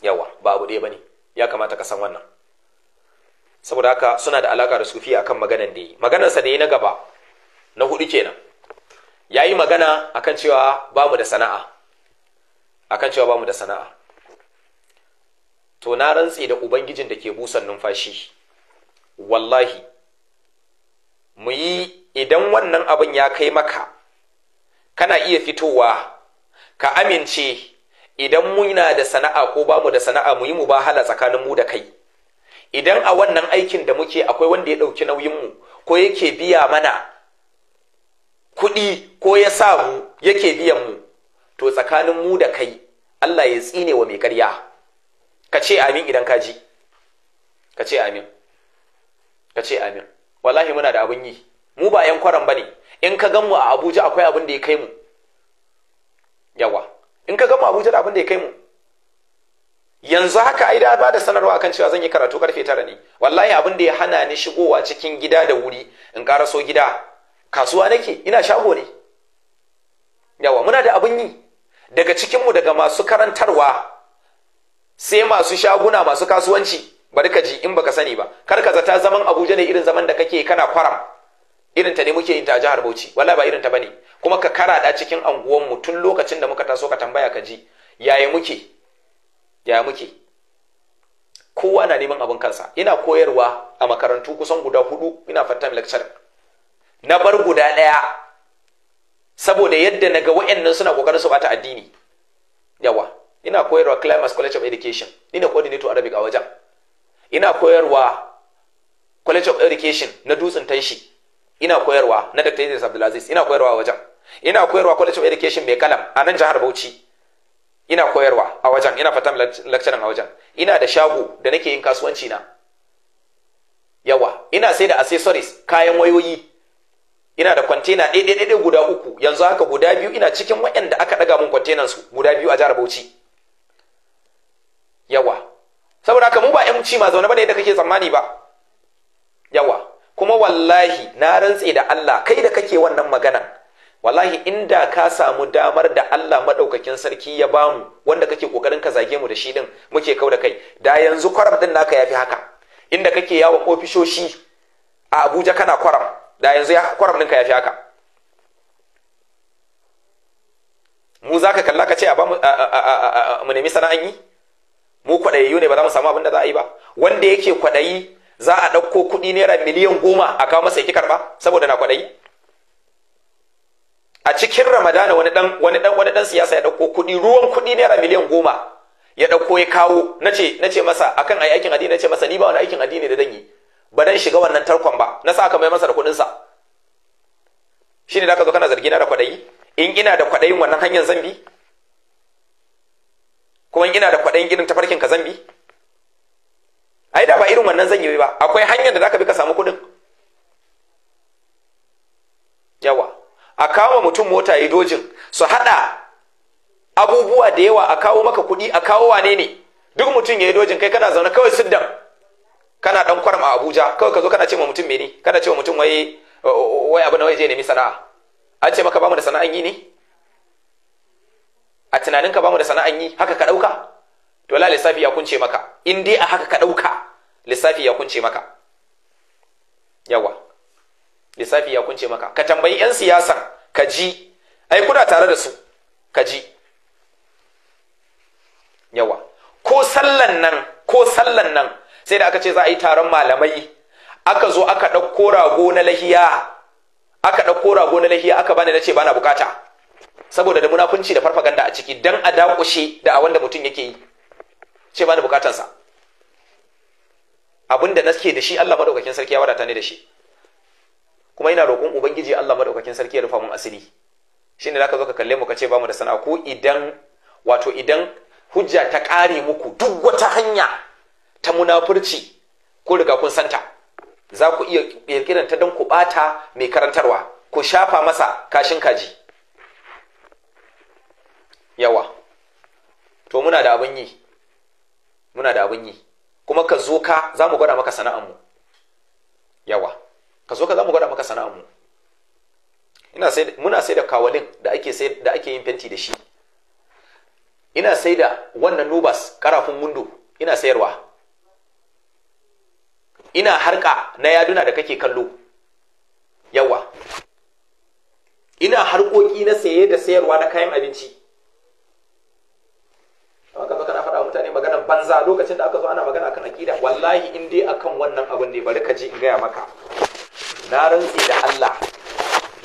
yawa babu ɗaya bane ya kamata ka san wannan saboda haka suna da alaka da sufi akan maganar da yi maganarsa da yi na gaba na hudu kenan ya yi magana akan cewa ba mu da sana'a akan cewa ba mu da sana'a to na rantse da ubangijin da ke busan numfashi wallahi mu yi idan wannan abin ya kai maka kana iya fitowa ka amince idan muna da sana'a ko ba mu da sana'a mu yi mu ba hala tsakanin mu da kai idan a wannan aikin da muke akwai wanda ya ɗauki nauyinmu ko yake biya mana kuɗi ko ya sa mu yake biyan mu to tsakanin mu da kai Allah ya tsine wa mai ƙarya ka ce amin idan ka ji ka ce amin ka ce amin wallahi muna da abin yi mu ba yan kwaran ne. in ka gan mu a Abuja akwai abin da ya kai mu yawa in ka gan mu a Abuja da abin da ya kai mu yanzu haka ai da ba da sanarwa akan cewa zan yi karatu karfe tara ne wallahi abin da ya hana ni shigowa cikin gida da wuri in karaso gida kasuwa nake ina shago ne yawa muna da abin yi daga cikinmu daga masu karantarwa sai masu shaguna masu kasuwanci bari ka ji in baka sani ba kar ka zata zaman abuja ne irin zaman da kake kana kwaram irin ta ne muke yin ta a jihar Bauchi Wala ba irin ta bane kuma ka karada cikin anguwan mu tun lokacin da muka taso ka tambaya ka ji yaya muke yaya muke kowa na neman abin kansa ina koyarwa a makarantu kusan guda hudu ina fattan lecture na bar guda daya saboda yadda naga wa'annan suna kokarin su bata addini yawa ina koyarwa Climax College of Education ina coordinator Arabic a wajen ina koyarwa College of Education na dutsen tanshi ina koyarwa na Dr. Idris Abdulaziz ina koyarwa wajen ina koyarwa College of Education mai kalam a nan jihar Bauchi ina koyarwa a wajen ina fatan lecturing a wajen ina da shago da nake yin kasuwanci na yawa ina sai da accessories kayan wayoyi ina da kwantena ɗaiɗaiɗaiɗai guda uku yanzu haka guda biyu ina cikin waɗanda aka ɗaga min kwantenan su guda biyu a jihar Bauchi yawa saboda haka mu ba ƴan ci ma zaune bane yadda kake tsammani ba yawa kuma wallahi na rantse da Allah kai da kake wannan magana wallahi inda ka samu damar da Allah madaukakin sarki ya bamu wanda kake kokarin ka zage mu da shi din muke kau da kai da yanzu kwaram din naka yafi haka inda kake yawo ofishoshi a Abuja kana kwaram da yanzu ya kwaram ɗinka yafi haka mu za ka kalla ka ce a ba mu nemi sana'an yi mu kwadayi ne ba za mu samu abin da za a yi ba wanda yake kwaɗayi za a ɗauko kuɗi naira miliyan goma a kawo masa yake karɓa saboda na kwaɗayi a cikin ramadana wani ɗan wani ɗan wani ɗan siyasa ya ɗauko kuɗi ruwan kuɗi naira miliyan goma ya ɗauko ya kawo na ce masa akan ayi aikin addini na ce masa ni ba wani aikin addini da dangi. yi ba dan shiga wannan tarkon ba na sa aka mai masa da kuɗin sa shine da aka zo kana zargi na da kwaɗayi in ina da kwaɗayin wannan hanyar zambi kuma in ina da kwaɗayin irin tafarkin ka zambi ai da ba irin wannan zan yi ba akwai hanyar da zaka bi ka samu kuɗin yawa a kawo mutum mota ya dojin su haɗa abubuwa da yawa a kawo maka kuɗi a kawo wane ne duk mutum ya yi dojin kai kana zaune kawai siddam kana dan kwaram a abuja kawai ka zo kana ce ma mutum mene kana ce ma mutum wai wai abu da wai je nemi sana'a an ce maka bamu da sana'an yi ne a tunanin ka bamu da sana'an yi haka ka ɗauka to lalle safiya kun ce maka in dai a haka ka ɗauka lissafi ya kunce maka yawa lissafi ya kunce maka ka tambayi 'yan siyasan ka ji ai kuna tare da su ka ji yawa ko sallan nan ko sallan nan sai da aka ce za a yi taron malamai aka zo aka ɗauko rago na lahiya aka ɗauko rago na lahiya aka bani na ce bana bukata saboda da munafunci da farfaganda a ciki dan a dakushe da a wanda mutum yake yi ce bani bukatansa Abin da nake da shi Allah madaukakin sarki ya wadata ni da shi kuma ina roƙon ubangiji Allah madaukakin sarki ya rufa mun asiri shine zaka zo ka kalle mu ka ce ba mu da sana'a ko idan wato idan hujja ta ƙare muku duk wata hanya ta munafurci ko riga kun santa za ku iya kirkiran ta don ku bata mai karantarwa ku shafa masa kashin kaji yawa to muna da abin yi muna da abin yi kuma ka zo ka za mu gwada maka sana'anmu yawa ka zo ka za mu gwada maka sana'anmu ina sai muna sai da kawalin da ake sai da ake yin fenti da shi ina sai da wannan nubas karafin mundo ina sayarwa ina harka na yaduna da kake kallo yawa ina harkoki na saye da sayarwa na kayan abinci mutane maganan banza lokacin da aka zo ana magana akan akida wallahi in dai akan wannan abun ne bari ka ji in gaya maka na rantsi da Allah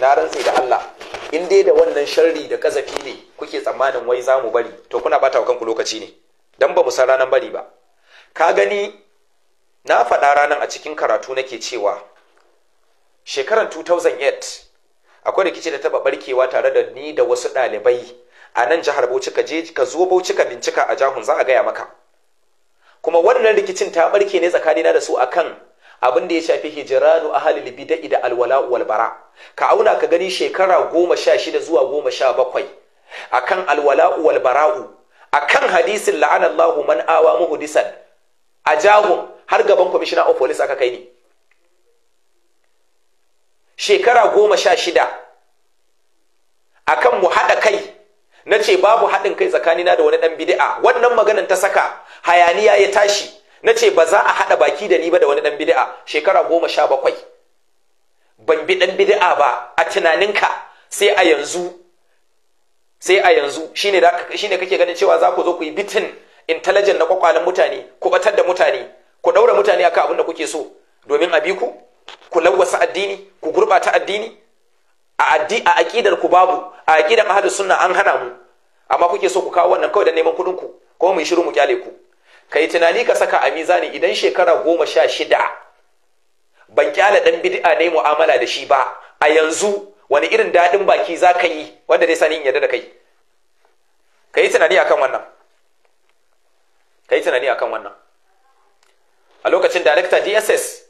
na rantsi da Allah in dai da wannan sharri da kazafi ne kuke tsammanin wai zamu bari to kuna bata wa kanku lokaci ne dan ba mu san ranan bari ba ka gani na faɗa ranan a cikin karatu nake cewa shekaran 2008 akwai rikici da taɓa barkewa tare da ni da wasu ɗalibai a nan jihar Bauchi ka je ka zo Bauchi ka bincika a jahun za a gaya maka kuma wannan rikicin ta barke ne tsakanina da su akan abin da ya shafi hijiranu ahalil bid'i da alwala wal bara ka auna ka gani shekara goma sha shida zuwa goma sha bakwai akan alwala wal bara'u akan hadisin la'anallahu man awa muhdisan a jahun har gaban commissioner of police aka kai ni shekara goma sha shida akan mu haɗa kai na ce babu haɗin kai tsakanina da wani ɗan bidi'a. wannan maganan ta saka hayaniya ya tashi na ce ba za a haɗa baki da ni ba da wani ɗan bid'a shekara goma sha bakwai ban bi ɗan bidi'a ba a tunaninka sai a yanzu sai a yanzu shine da shine kake ganin cewa za ku zo ku yi bitin intelligent na kwakwalen mutane ku batar da mutane ku daura mutane akan abin da kuke so domin a biku, ku ku addini ku gurbata addini a aƙidar ku babu a aƙidar ahlus sunna an hana mu amma kuke so ku kawo wannan kawai da neman kuɗin ku ko mu shiru mu kyale ku kai tunani ka saka a mizani idan shekara goma sha shida ban kyale ɗan bid'a ne mu'amala da shi ba a yanzu wani irin daɗin baki za ka yi wanda dai sani in yarda da kai ka yi tunani akan wannan ka tunani akan wannan a lokacin director dss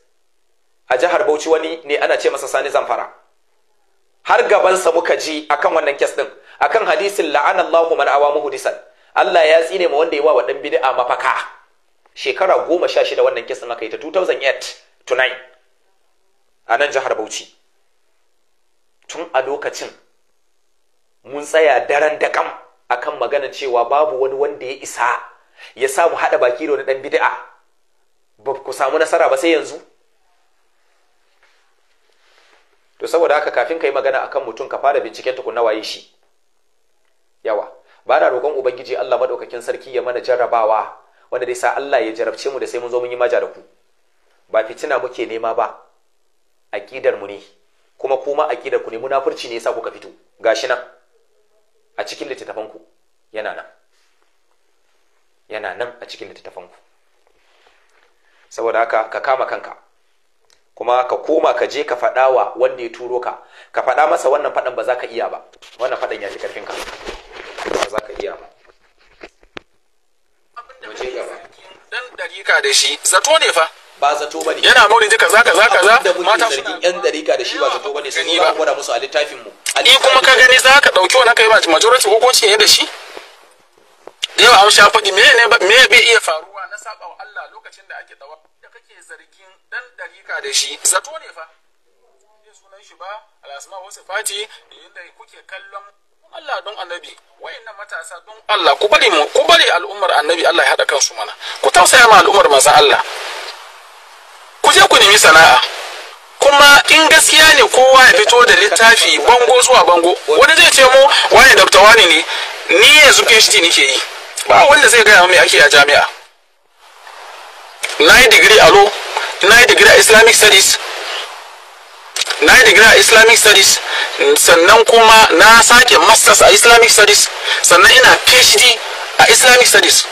a jihar bauchi wani ne ana ce masa sani zamfara har gabansa muka ji akan wannan kes din akan hadisin la'anallahu man awamu muhdisan Allah ya tsine ma wanda ya wa ɗan bid'a mafaka shekara goma sha shida wannan kes din aka yi ta 2008 to 9 a nan jihar Bauchi tun a lokacin mun tsaya daren da kam akan maganar cewa babu wani wanda ya isa ya samu hada baki da wani dan bid'a ba ku samu nasara ba sai yanzu to saboda haka kafin ka yi magana kan mutum ka fara binciken tukuna waye shi yawa ba da roƙon ubangiji Allah madaukakin sarki ya mana jarrabawa wanda dai sa Allah ya jarabce mu da sai mun zo mun yi maja da ku ba fitina muke nema ba aqidar mu ne kuma kuma aqidar ku ne munafurci ne yasa kuka fito gashi nan a cikin littattafan ku yana nan yana nan a cikin littattafan ku saboda haka ka kama kanka kuma ka koma ka je ka faɗa wa wanda ya turo ka ka faɗa masa wannan faɗan ba za ka iya ba wannan faɗan ya fi karfin ka ba za ka iya ba dan dariƙa da shi zato ne fa ba zato bane yana maurin ji kaza kaza kaza mata zargin yan dariƙa da shi ba zato bane sai ba gwada musu a littafin mu ni kuma ka gani za ka dauki wannan kai ba majority hukunci ne da shi da yawa an sha faɗi me ne me bai iya faru na saba wa Allah lokacin da ake dawa da kake zargin dan dariƙa da shi zato ne fa ne sunan shi ba alasma wasu fati inda kuke kallon Allah don annabi wayannan matasa don Allah ku bari mu ku bari al'ummar annabi Allah ya hada kansu mana ku tausaya ma al'ummar manzo Allah ku je ku nemi sana'a kuma in gaskiya ne kowa ya fito da littafi bango zuwa bango wani zai ce mu wani dakta wani ne ni yanzu PhD nike yi ba wanda zai gaya mai ake a jami'a na yi digiri a degree na yi digiri a islamic studies na degree islamic studies sannan kuma na sake masters a islamic studies sannan ina phd a islamic studies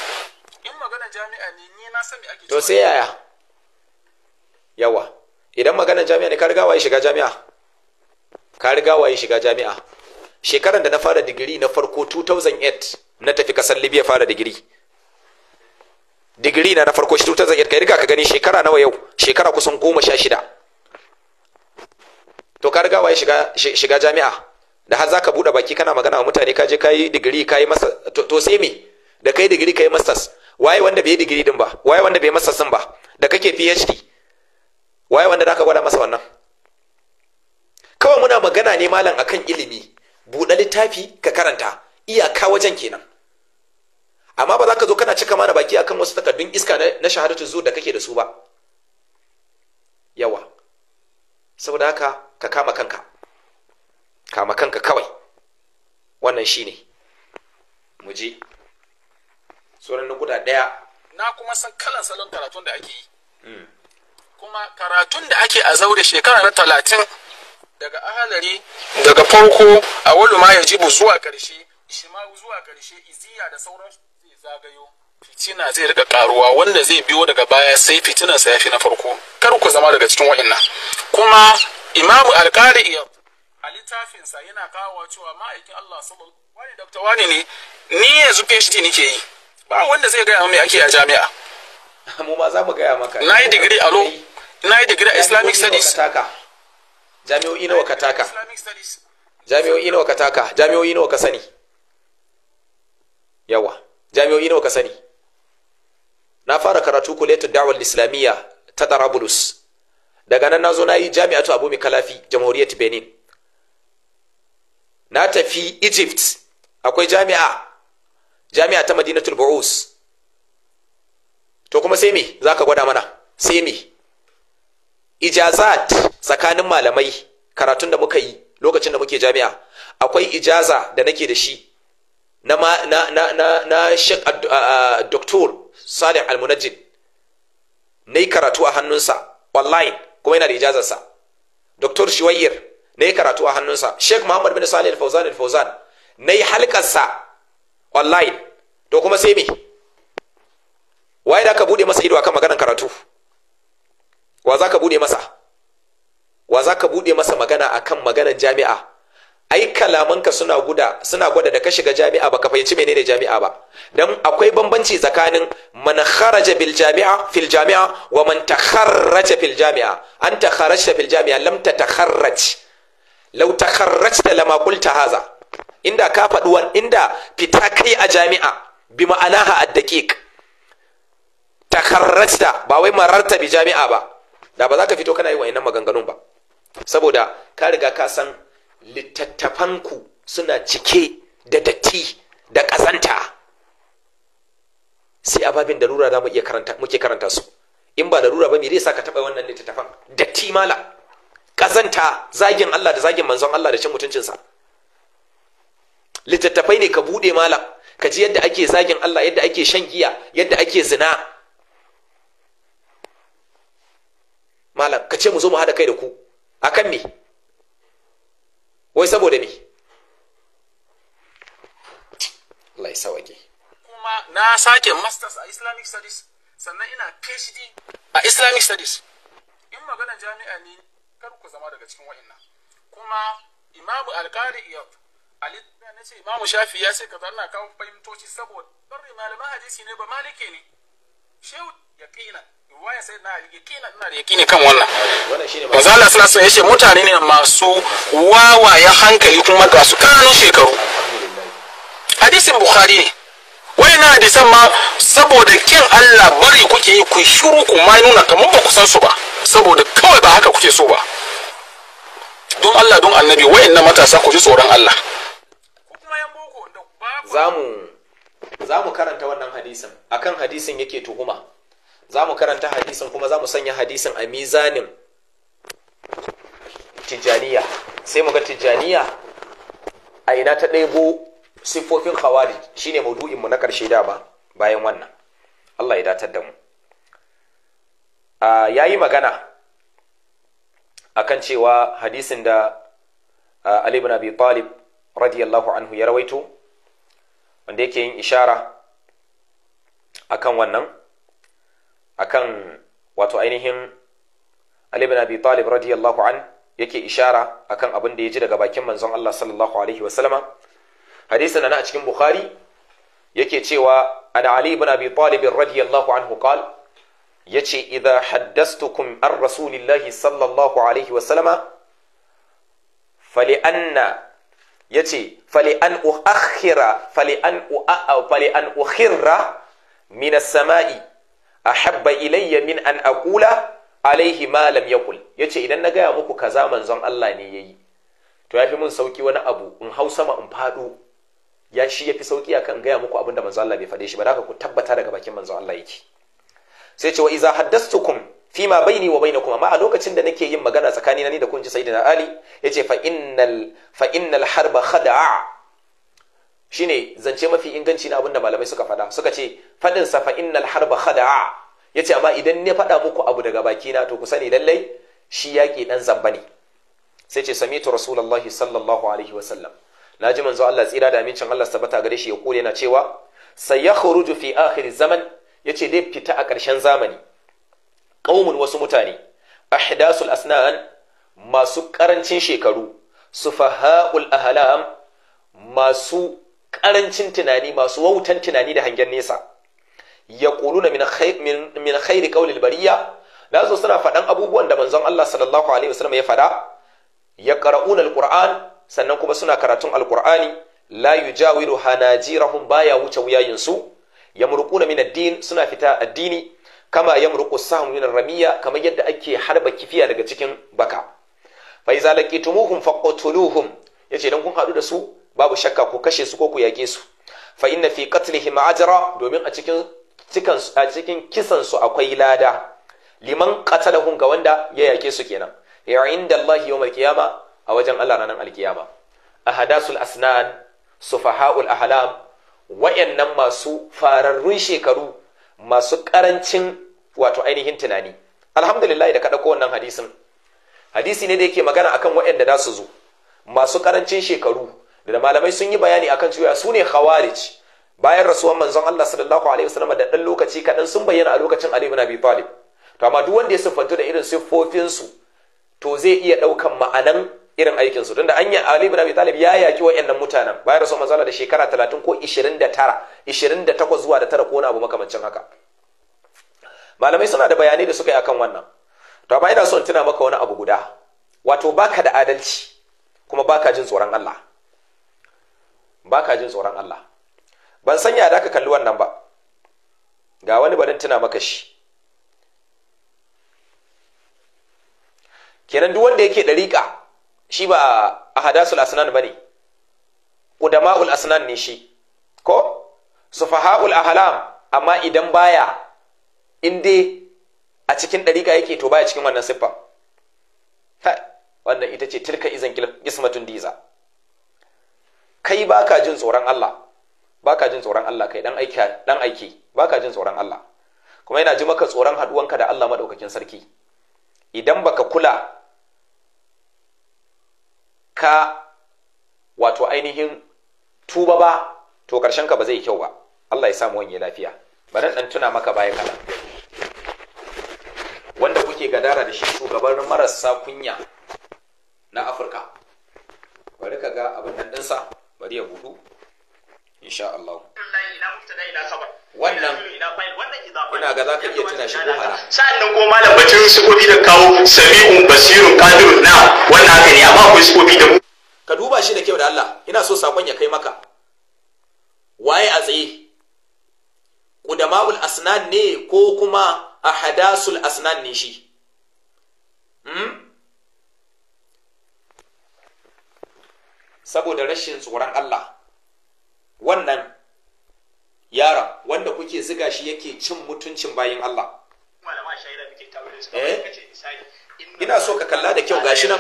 in magana jami'a ne ni na san ake to sai yaya yawa idan maganar jami'a ne ka riga waye shiga jami'a ka riga waye shiga jami'a shekaran da na fara digiri na farko 2008 na tafi kasar libya fara digiri digiri na na farko shi tutar zanyar kai riga ka gani shekara nawa yau shekara kusan goma sha shida to ka riga waye shiga jami'a da har zaka buɗe baki kana magana wa mutane ka je ka yi digiri ka yi masa to sai me da kai digiri ka yi masters waye wanda bai yi digiri din ba waye wanda bai masters din ba da kake phd waye wanda zaka gwada masa wannan kawai muna magana ne malam akan ilimi buɗe littafi ka karanta iyaka wajen kenan amma ba za ka zo kana cika mana baki akan wasu takardun iska na shahadatu zuwa da kake da su ba yawa saboda haka ka kama kanka kama kanka kawai wannan shine mu je sauran na guda daya na kuma san kalan salon karatun da ake yi hmm. kuma karatun da ake a zaure shekara na talatin daga ahalari daga farko a wani ma ya jibu zuwa karshe shi ma zuwa karshe iziya da sauransu zagayo fitina zai rika karuwa wanda zai biyo daga baya sai fitinansa ya fi na farko kar ku zama daga cikin wa'annan kuma imamu ya a littafinsa yana kawo cewa ma'aikin Allah sallallahu wani dakta wani ne ni yanzu PhD nike yi ba wanda zai gaya mai ake a jami'a mu ma za mu gaya maka na yi digiri a lo na yi digiri a Islamic studies jami'o'i nawa ka taka jami'o'i nawa ka taka jami'o'i nawa ka sani yawa jami'o'i nawa ka sani na fara karatu kuletun da'awar islamiyya ta tarabulus daga nan na zo na yi jami'atu abu kalafi jamhuriyar benin na tafi egypt akwai jami'a jami'a ta madinatul bu'us to kuma sai me za ka gwada mana sai me ijazat tsakanin malamai karatun da muka yi lokacin da muke jami'a akwai ijaza da nake da shi na na na na na Sheikh Dr. Salih Al-Munajjid nayi karatu a hannunsa online kuma yana da ijazarsa. sa Dr. Shuwayir nayi karatu a hannunsa Sheikh Muhammad bin Salih Al-Fauzan Al-Fauzan nayi sa online to kuma sai me waye da ka bude masa ido akan maganar karatu wa za ka bude masa wa za ka bude masa magana akan maganar jami'a ai kalamanka suna guda suna gwada da ka shiga jami'a baka fahimci menene jami'a ba dan akwai bambanci tsakanin man kharaja bil jami'a fil jami'a wa man takharraja fil jami'a an takharrajta fil jami'a lam tatakharraj law takharrajta lama qulta haza inda ka faɗi inda fita kai a jami'a bi ma'anaha ad-daqiq takharrajta ba wai mararta bi jami'a ba da ba za ka fito kana yi wa'annan maganganun ba saboda ka riga ka san littattafanku suna cike da datti da ƙazanta sai ababin da rura za mu iya karanta muke karanta su in ba da rura ba me zai sa ka taɓa wannan littattafan datti mala ƙazanta zagin Allah da zagin manzon Allah da cin mutuncinsa littattafai ne ka buɗe malam ka ji yadda ake zagin Allah yadda ake shan giya yadda ake zina malam ka ce mu zo mu haɗa kai da ku akan me wai saboda me Allah ya sawake kuma na sake masters a islamic studies sannan ina phd a islamic studies in maganar jami'a ne kar ku zama daga cikin wa'annan kuma imamu alkari iyab ali na ce imamu shafi ya ce kaza na kawo fahimtoci saboda barri malaman hadisi ne ba malike ne shehu ya kina waya sai na yakina ina da yakini kan wannan manzo Allah sallallahu alaihi wasallam mutane ne masu wawaye hankali kuma ga su kananun shekaru hadisin bukhari ne wayan hadisan ma saboda kin Allah bari kuke yi ku shiru ku ma nuna kamar ba ku san su ba saboda kawai ba haka kuke so ba don Allah don annabi wayannan matasa ku ji tsoron Allah za mu karanta wannan hadisin akan hadisin yake tuhuma za mu karanta hadisin kuma za mu sanya hadisin a mizanin tijjaniya sai mu ga tijjaniya a ina ta ɗaibo siffofin khawarij shine mu na ƙarshe da ba bayan wannan Allah ya datar da mu ya yi magana akan cewa hadisin da Ali ibn Abi Talib radiyallahu anhu ya rawaito wanda yake yin ishara akan wannan akan wato ainihin Ali ibn Abi Talib radiyallahu an yake ishara akan abin da ya ji daga bakin manzon Allah sallallahu alaihi wa sallama hadisin nan a cikin Bukhari yake cewa an Ali ibn Abi Talib radiyallahu anhu qala yace idza haddastukum an rasulillahi sallallahu alaihi wa sallama fali anna yace fali an uakhira fali an uakhira min as-sama'i ahabba ilayya min an aqula alaihi ma lam yaqul yace idan na gaya muku kaza manzon Allah ne yayi to yafi mun sauki wani abu in hau sama in fado ya shi yafi sauki akan gaya muku abin da manzon Allah bai fade shi ba da ku tabbata daga bakin manzon Allah yake sai ce wa iza haddastukum fi ma baini wa bainakum amma a lokacin da nake yin magana tsakanina ni da kun ji sayyidina Ali yace fa innal fa innal harba khada'a shine zance mafi inganci na abinda malamai suka fada suka ce faɗin sa fa innal harba khada'a yace amma idan ne faɗa muku abu daga baki na to ku sani lallai shi yaki dan zamba ne sai ce samitu rasulullahi sallallahu alaihi wa sallam naji manzo Allah tsira da amincin Allah tabbata gare shi ya kore na cewa sayakhruju fi akhir zaman yace dai fita a ƙarshen zamani qaumun wasu mutane ahdasul asnan masu ƙarancin shekaru sufaha'ul ahlam masu karancin tunani masu wautan tunani da hangen nesa ya na min khairi kaulil bariya da zo suna faɗan abubuwan da manzon Allah sallallahu alaihi wasallam ya faɗa ya qara'un alquran sannan kuma suna karatun alqurani la yujawiru hanajirahum baya wuce wuyayin su murquna min ad suna fita addini kama murqu sahmu min ramiya kamar yadda ake harba kifiya daga cikin baka fa iza laqitumuhum faqtuluhum yace dan kun hadu da su babu shakka ku kashe su ko ku yage su fa inna fi qatlihim ajra domin a cikin cikan a cikin kisan su akwai lada liman qatalahum ga wanda ya yake su kenan ya inda Allah al qiyama a wajen Allah ranar alkiyama ahadasul asnan sufaha'ul ahlam wayannan masu fararrun shekaru masu karancin wato ainihin tunani alhamdulillah da ka dauko wannan hadisin hadisi ne da yake magana akan wayanda da su zo masu karancin shekaru da malamai sun yi bayani akan cewa su ne khawarij bayan rasuwan manzon Allah sallallahu alaihi wasallam da dan lokaci kadan sun bayyana a lokacin Ali ibn Abi Talib to amma duk wanda ya siffantu da irin siffofin su to zai iya daukan ma'anan irin aikin su tunda anya Ali ibn Abi Talib ya yaki wayannan mutanen bayan rasuwan manzon Allah da shekara 30 ko 29 28 zuwa da 9 ko wani abu makamancin haka malamai suna da bayanai da suka yi akan wannan to amma ina son tuna maka wani abu guda wato baka da adalci kuma baka jin tsoron Allah ba ka jin tsoron Allah ban sanya da ka kalli wannan ba ga wani barin tuna maka shi kenan duk wanda yake dariƙa shi ba a ahadasul asnan ne qudama'ul asnan ne shi ko su a ahlam amma idan baya inda a cikin dariƙa yake to baya cikin wannan siffa wannan ita ce tilka izan ƙismatun diza kai baka jin tsoron Allah baka jin tsoron Allah kai dan aiki dan aiki baka jin tsoron Allah kuma yana ji maka tsoron haduwanka da Allah madaukakin sarki idan baka kula ka wato ainihin tuba ba to karshen ka ba zai kyau ba Allah ya samu wani lafiya bari dan tuna maka baya kala wanda kuke gadara da shi shugaban marasa kunya na Afirka bari ka ga abin nan sa bari ya buhu insha Allah wannan ina ga zaka iya tuna shi buhara nan ko malam batun sifofi da kawo sami'un basirun qadirun na wannan haka ne amma akwai sifofi da ka duba shi da kyau da Allah ina so sakon ya kai maka waye a tsaye qudama'ul asnan ne ko kuma ahadasul asnan ne shi hmm? saboda rashin tsoron Allah wannan yara wanda kuke ziga shi yake cin mutuncin bayin Allah eh? ina so ka kalla da kyau gashi nan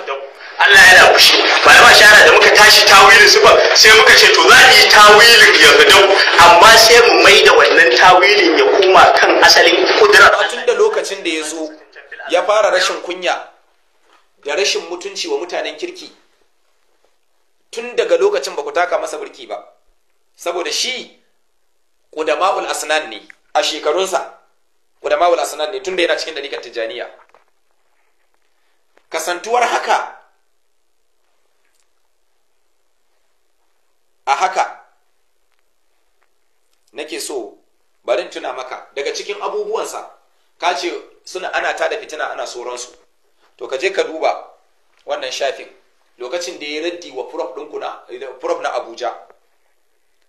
Allah yana kushi malama da muka tashi tawilin su ba sai muka ce to za a yi tawilin ya dau amma sai mu mai da wannan tawilin ya koma kan asalin kudura tun da lokacin da ya zo ya fara rashin kunya da rashin mutunci wa mutanen kirki tun daga lokacin ba ku taka masa birki ba saboda shi ƙudama'ul asnan ne a shekarunsa ƙudama'ul asnan ne tun da yana cikin ɗariƙar tijjaniya kasantuwar haka a haka nake so barin tuna maka daga cikin abubuwansa ka ce suna ana tada fitina ana sauransu to ka je ka duba wannan shafin lokacin da ya raddi wa prof ɗinku na prof na Abuja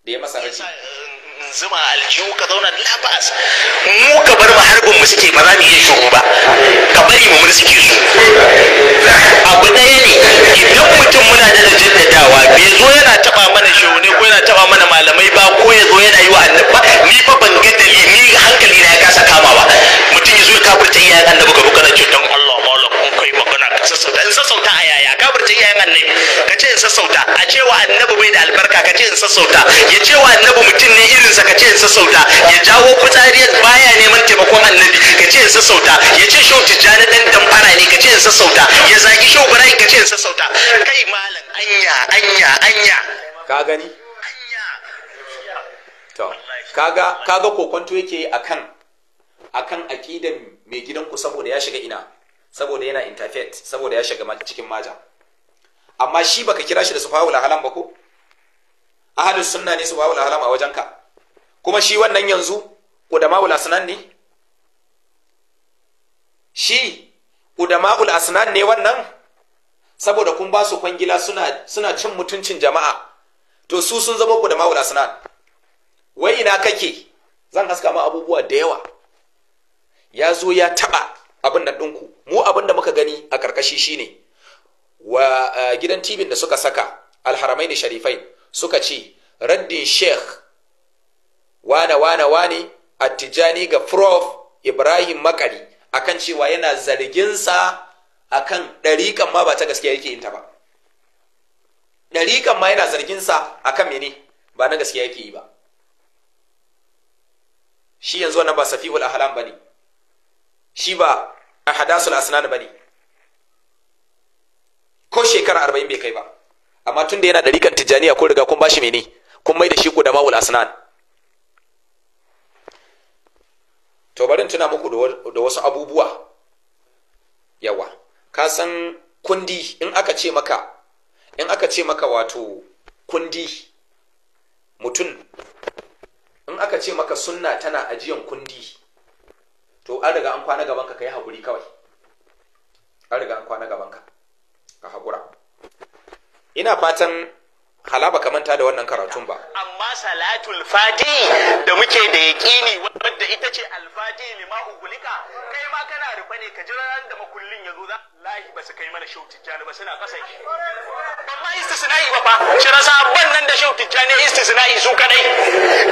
da ya masa raddi eh, zuma aljihu ka zauna labas mu ka bar mu harbin mu suke ba za mu yi shiru ba ka bari mu mun suke su abu ɗaya ne idan mutum muna da dawa bai zo yana taba mana ne ko yana taba mana malamai ba ko ya zo yana yi wa annaba ni fa ban ga dalili hankali na ya kasa kamawa mutum ya zo ya kafirta iyayen annabi gaba kana ce Allah Allah yi magana ka sassauta in sassauta a yaya ka burce iyayen annabi ka ce in sassauta a ce wa annabi bai da albarka ka ce in sassauta ya ce wa annabi mutum ne irinsa ka ce in sassauta ya jawo fitsari baya neman taimakon annabi ka ce in sassauta ya ce shau tijjani dan damfara ne ka ce in sassauta ya zagi shau barayin ka ce in sassauta kai malam anya anya anya ka gani to kaga kaga kokonto yake akan akan aqidan mai gidanku saboda ya shiga ina saboda yana interfet saboda ya shiga cikin maja amma shi baka kira shi da subhawul halam ba ko ahlus sunna ne subhawul halam a wajenka kuma shi wannan yanzu ul asnan ne shi ul asnan ne wannan saboda kun ba su kwangila suna suna cin mutuncin jama'a to su sun zama ul asnan wai ina kake zan haska ma abubuwa da yawa ya zo ya taba abin da dinku mu abin da muka gani a karkashi shine wa eh, gidan tibin da suka saka alharamai da sharifai suka ce raddin sheikh wane wane wane tijjani ga prof ibrahim makari akan cewa yana zarginsa akan ɗariƙan ma ba ta gaskiya yake yinta ba kan ma yana zarginsa akan mene ba na gaskiya yake yi ba shi yanzu wannan ba safihul ahlam bane shi ba hadasul asnan bane ko shekara arba'in bai kai ba amma tunda yana da rikan tijaniya ko riga kun bashi mene kun mai da shi ko da mawul asnan to barin tuna muku da wasu abubuwa yawa ka san kundi in aka ce maka in aka ce maka wato kundi mutum in aka ce maka sunna tana ajiyan kundi to an riga an kwana gaban ka kai haƙuri kawai an riga an kwana gaban ka ka haƙura ina fatan halaba ka manta da wannan karatun ba amma salatul fati da muke da yaqini wadda ita ce alfati lima ugulika kai ma kana rufe ne ka jira ran da makullin yazo za lahi ba su kai mana shau tijjani ba suna kasa shi amma istisna'i ba fa shi rasa nan da shau tijjani istisna'i su kadai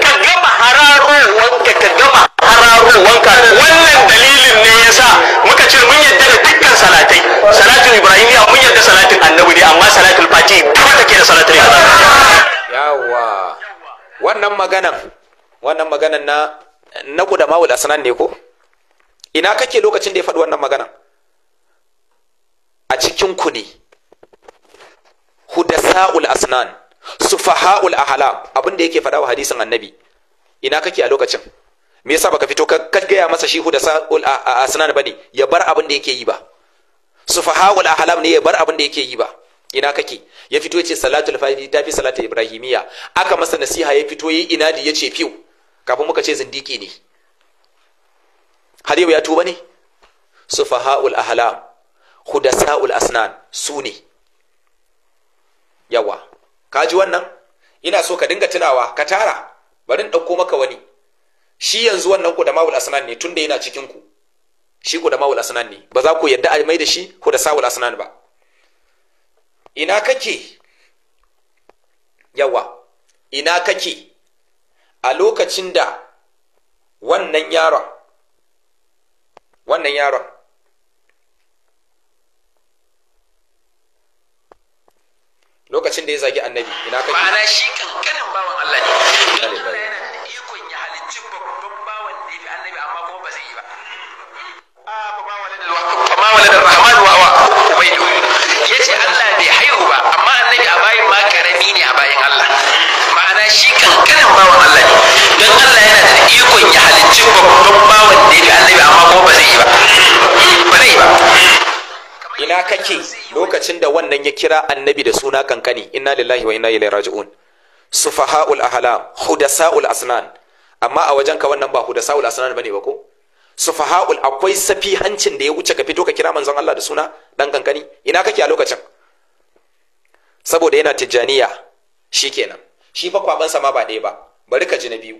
ka gama hararo wanka ka gama hararowanka wannan dalilin ne ya sa muka ce mun yadda da dukkan salatai ibrahim ya mun yadda salatin annabi ne amma salatul fati duka take da salatul yawa wannan maganan wannan maganan na na kudama wal asnan ne ko ina kake lokacin da ya faɗi wannan maganan a cikin ku ne hudasa'ul asnan sufaha'ul ahlam abin da yake faɗa wa hadisin annabi ina kake a lokacin me yasa baka fito ka gaya masa shi hu da asnan bane ya bar abin da yake yi ba sufahawul ahlam ne ya bar abin da yake yi ba ina kake ya fito yace salatul fajr ta fi salatul ibrahimiya aka masa nasiha ya fito yi inadi yace fiu kafin muka ce zindiki ne har yau ya tuba ne sufaha'ul ahlam hudasa'ul asnan su ne yawa kaji wannan ina so ka dinga tunawa ka tara bari in ɗauko maka wani shi yanzu wannan ku da mawul asnan ne tunda yana cikin ku shi mawul asnan ne ba za ku yadda a mai da shi da sawul asnan ba ina kake yawa ina kake a lokacin da wannan yaron wannan yaron lokacin da ya zagi annabi ina kake ma'ana shi kankanin bawan Allah ne ma walad ar-rahman wa wa ubaidu yace Allah bai haihu ba amma annabi a bayin ma karami ne a bayin Allah ma'ana shi kankanin bawan Allah ne don Allah yana da ikon ya halicci babban bawan da ya annabi amma ko ba zai yi ba ba zai yi ba ina kake lokacin da wannan ya kira annabi da suna kankani inna lillahi wa inna ilaihi raji'un sufaha'ul ahlam hudasa'ul asnan amma a wajenka wannan ba hudasa'ul asnan bane ba ko sufaha'ul akwai safi hancin da ya wuce ka fito ka kira manzon Allah da suna dan kankani ina kake a lokacin saboda yana tijjaniya shikenan shi fa kwabansa ma ba ɗaya ba bari ka ji na biyu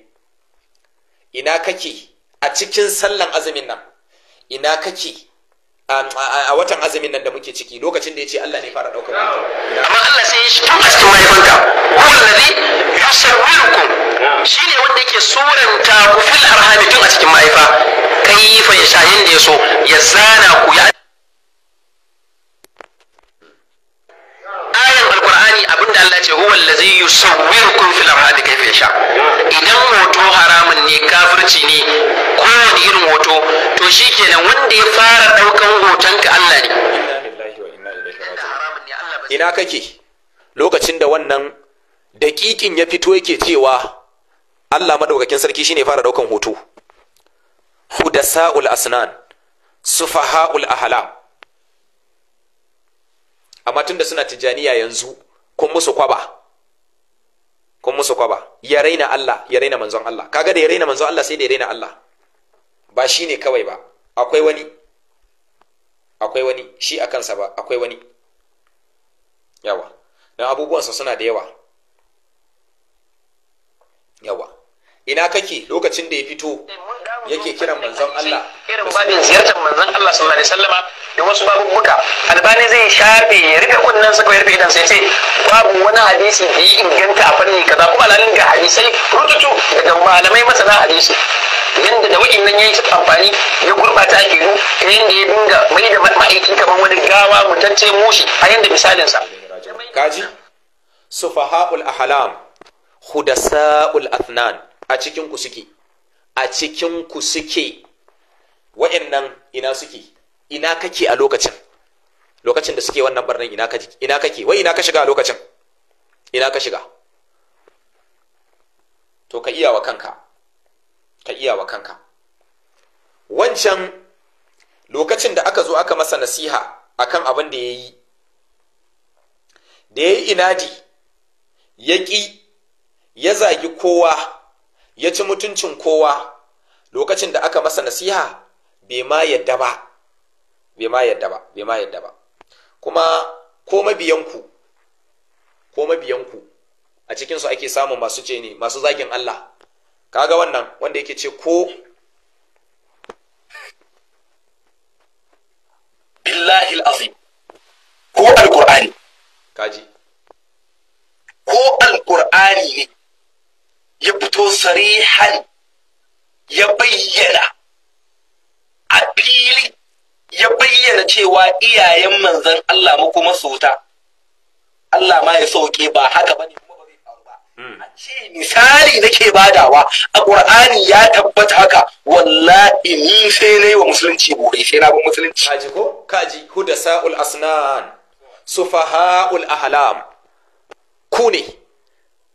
ina kake a cikin sallan azumin nan ina kake Um, a watan azumin nan da muke ciki lokacin da ya ce Allah ne fara daukar wato. amma Allah sai ya shi tun a cikin mahaifanka huwa allazi yusawwirukum shine wanda yake suranta ku fil arhami tun a cikin mahaifa kayfa da ya so, ya zana ku ya qur'ani abinda Allah ce huwa allazi yusawwirukum fil arhadi kayfa yasha idan hoto haramun ne kafirci ne kowane irin hoto to shikenan wanda ya fara daukan hotonka Allah ne ina kake lokacin da wannan dakikin ya fito yake cewa Allah madaukakin sarki shine fara daukan hoto hudasa'ul asnan sufaha'ul ahla amma tunda suna tijaniya yanzu kun musu kwaba kun musu kwaba ya raina Allah ya raina manzon Allah kaga da ya raina manzon Allah sai da ya raina Allah ba shi ne kawai ba akwai wani akwai wani shi a kansa ba akwai wani yawa don abubuwansa suna da yawa yawa ina kake lokacin da ya fito yake kiran manzon Allah irin babin ziyartar manzon Allah sallallahu alaihi wasallama da wasu babubuka albani zai shafe ya rufe kunnen sa ko ya rufe idan sai ce babu wani hadisi da ya inganta a fanni kaza kuma alalin ga hadisai rututu daga malamai masana hadisi yadda da wa'in nan ya yi amfani ya gurbata a yi, ta yadda ya dinga mai da ma'aikin kamar wani gawa mutacce mushi a yadda misalinsa. Kaji? Sufaha'ul ahlam, hudasa'ul athnan a cikin ku suke. a cikin ku suke wa'annan ina suke ina kake a lokacin lokacin da suke wannan barnan ina kake ina kake wai ina ka shiga a lokacin ina ka shiga to ka iya wa kanka ka iya wa kanka wancan lokacin da aka zo aka masa nasiha akan abin da ya yi da ya yi inadi ya ƙi ya zagi kowa ya ci mutuncin kowa lokacin da aka masa nasiha bai ma yadda ba bai ma yadda ba ma ba kuma ko mabiyanku ko mabiyanku a cikinsu ake samun masu ce ne masu zagin Allah kaga wannan wanda yake ce ko billahi alazim ko alqur'ani kaji ko alqur'ani ne ya fito sarihan ya bayyana a fili ya bayyana cewa iyayen manzan Allah mu kuma sota Allah ma ya sauke ba haka bane kuma ba zai faru ba hmm. a ce misali nake badawa a Qur'ani ya tabbata haka wallahi ni sai nayi wa musulunci bore sai na bin musulunci kaji ko kaji hudasaul asnan sufahaul ahlam ku ne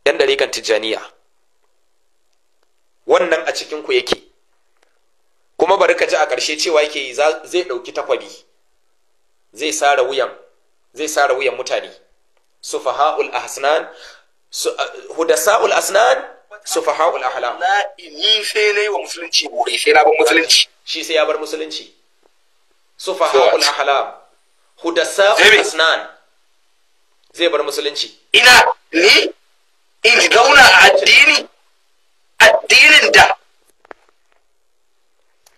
yan dariƙan tijjaniya wannan a cikin ku yake kuma bari ka ji a ƙarshe cewa yake yi zai ɗauki takwabi zai sara wuyan zai sara wuyan mutane sufaha'ul ahsnan uh, hudasa'ul asnan sufaha'ul ahlam ni sai nayi wa musulunci bore sai na bar musulunci shi sai ya bar musulunci sufaha'ul ahlam hudasa'ul asnan zai bar musulunci ina ni in zauna a addini addinin da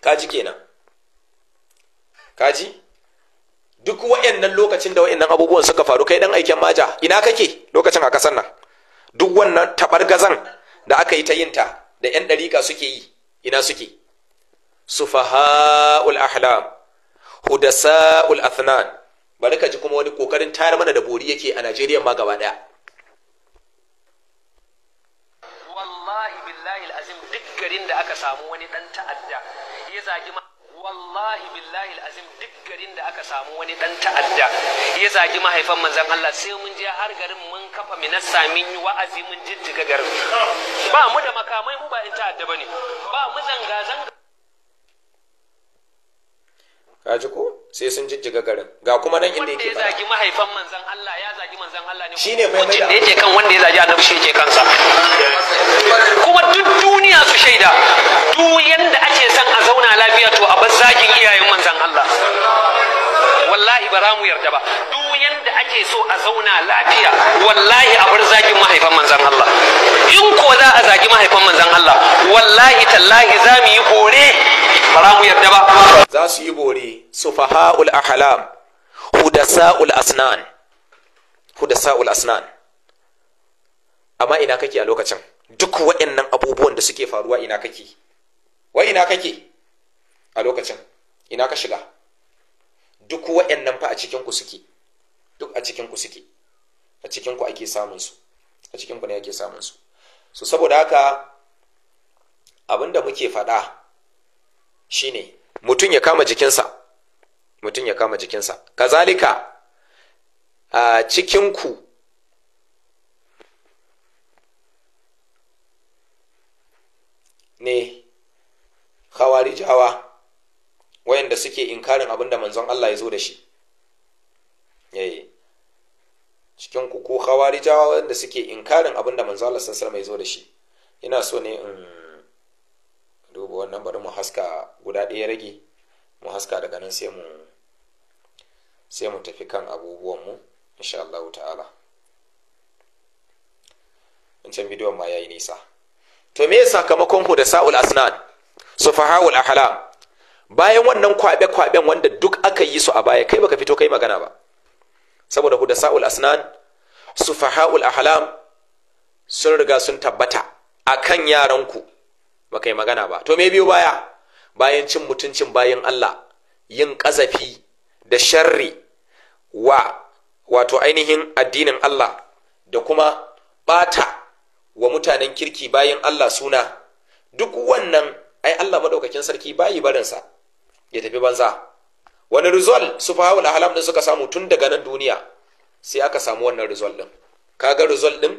kaji kenan kaji duk wa'annan lokacin da wa'annan abubuwan suka faru kai dan aiken maja ina kake lokacin a kasar nan duk wannan taɓar-gazan da aka yi ta yin ta da yan dariƙa suke yi ina suke sufaha'ul ahlam hudasa'ul athnan bari ka ji kuma wani kokarin tayar mana da bori yake a Najeriya ma gaba daya garin da aka samu wani dan ta'adda ya zagi wallahi billahi azim duk garin da aka samu wani dan ta'adda ya zagi mahaifan manzon Allah sai mun je har garin mun kafa minassa min yi wa'azi mun jijjiga garin ba mu da makamai mu ba in ta'adda bane ba mu zanga zanga kaji ko sai sun jijjiga garin ga kuma nan inda yake ba ya zagi mahaifan manzon Allah ya zagi manzon Allah ne shine mai da yake kan wanda ya zagi annabi shi yake kansa kuma duk duniya su shaida duk yanda ake son a zauna lafiya to a bar zagin iyayen manzon Allah wallahi ba za mu yarda ba duk yanda ake so a zauna lafiya wallahi a bar zagin mahaifan manzon Allah in ko za a zagi mahaifan manzon Allah wallahi tallahi za mu yi bore ba za mu yarda ba za su yi bore ahlam hudasa'ul asnan da sa'ul asnan amma ina kake a lokacin duk waɗannan abubuwan da suke faruwa ina kake wa ina kake a lokacin ina ka shiga duk waɗannan fa a cikin ku suke duk a cikin ku suke a cikin ku ake samun su a cikin ku ne ake samun su so saboda haka abin da muke faɗa shine mutum ya kama jikinsa mutum ya kama jikinsa kazalika a cikinku ne jawa, wayanda suke inkarin abin da manzon Allah ya zo da shi yayi eh, cikin ku ko jawa, wayanda suke inkarin abin da manzon Allah sallallahu alaihi wasallam ya zo da shi ina so ne in duba wannan bari mu haska guda ɗaya rage mu haska daga nan sai mu sai mu tafi kan abubuwan mu insha Allah ta'ala wancan bidiyon ma yayi nisa to me sakamakon hu da sa'ul asnan sufaha'ul ahlam bayan wannan kwaɓe-kwaɓen wanda duk aka yi su a baya kai baka fito kai magana ba saboda hu da sa'ul asnan sufaha'ul ahla sun riga sun tabbata akan yaranku baka yi magana ba to me biyo baya bayan cin mutuncin bayan Allah yin kazafi da sharri wa wato ainihin addinin Allah da kuma ɓata wa mutanen kirki bayan Allah suna duk wannan ai Allah maɗaukakin sarki bayi barinsa ya tafi banza wani rizal su fahawul ahalam da suka samu tun daga nan duniya sai aka samu wannan rizal din kaga rizal ɗin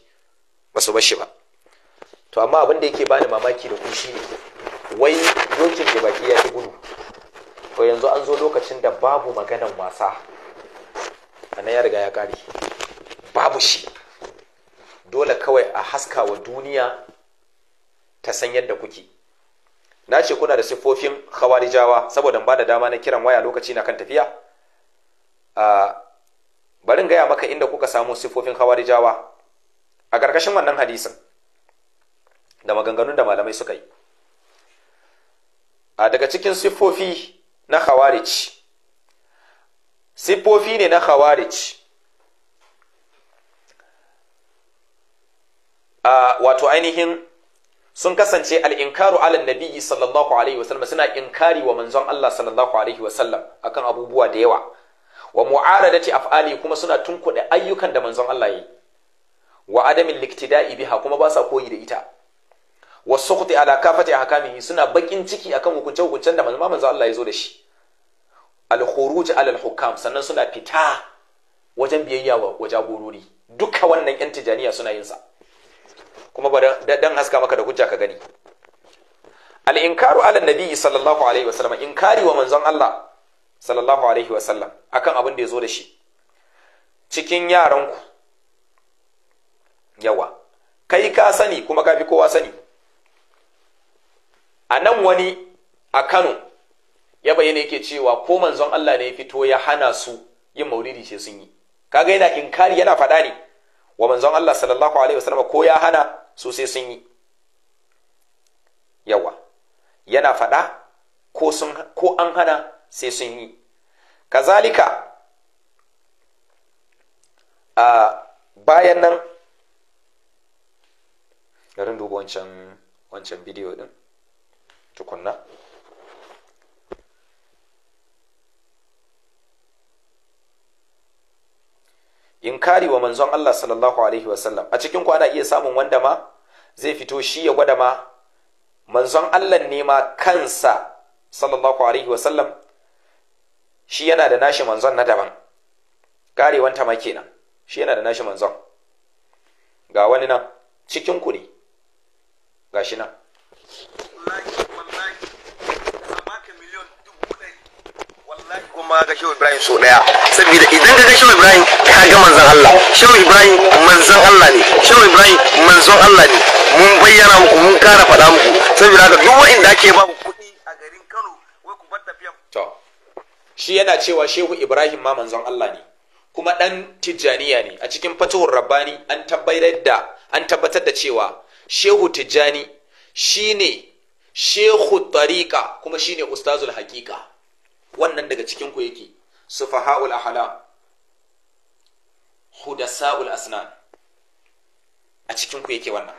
ba su bashi ba to amma abin da yake bani mamaki da ku ne, wai dokin da baki ya fi gudu to yanzu an zo lokacin da babu maganan wasa anan ya riga ya kare babu shi dole kawai a haska wa duniya ta san yadda kuke na ce kuna da siffofin khawarijawa saboda ba da dama na kiran waya lokaci na kan tafiya ah, barin gaya maka inda kuka samu siffofin khawarijawa a ƙarƙashin wannan hadisin da maganganun da malamai suka yi a daga cikin siffofi na khawarij siffofi ne na khawarij a wato ainihin sun kasance al'inkaru alal nabiyyi sallallahu alaihi wasallam suna inkari wa manzon Allah sallallahu alaihi wasallam akan abubuwa da yawa wa mu'aradati af'ali kuma suna tunkuɗe ayyukan da manzon Allah ya yi wa adamin liktida'i biha kuma ba sa koyi da ita wa sukhti ala kafati ahkamihi suna bakin ciki akan hukunce hukuncen da manzo Allah ya zo da shi al khuruj ala al hukam sannan suna fita wajen biyayya wa jagorori duka wannan yan tijaniya suna yin sa kuma ba dan haska maka da hujja ka gani al inkaru ala nabi sallallahu alaihi sallam inkari wa manzon Allah sallallahu alaihi sallam akan abin da ya zo da shi cikin yaran ku. yawa kai ka sani kuma ka fi kowa sani a nan wani a kano ya bayyana yake cewa ko manzon Allah ne ya fito ya hana su yin maulidi sai sun yi kaga yana inkari yana faɗa ne wa manzon Allah sallallahu alaihi wasallam ko ya hana su sai sun yi yawa yana faɗa ko ko an hana sai sun yi kazalika a bayan nan garin duba wancan wancan bidiyo din tukunna inkari wa manzon Allah sallallahu alaihi wasallam a cikin kwana iya samun wanda ma zai fito shi ya gwada ma manzon Allah ne ma kansa sallallahu alaihi wasallam shi yana da nashi manzon na daban wanta ma kenan shi yana da nashi manzon ga wani nan cikin ku ne gashi nan kuma ga shehu ibrahim so daya saboda idan ka ga shehu ibrahim ka ga manzon Allah shehu ibrahim manzon Allah ne shehu ibrahim manzon Allah ne mun bayyana muku mun kara faɗa muku saboda haka duk wanda ake ba ku kuɗi a garin Kano wai ku bar tafiya to shi yana cewa shehu ibrahim ma manzon Allah ne kuma dan tijjaniya ne a cikin fatuhur rabbani an tabbatar da an tabbatar da cewa shehu tijjani shine shehu tariqa kuma shine ustazul haqiqa wannan daga cikin ku yake sufahaul ahlam hudasaul asnan a cikin ku yake wannan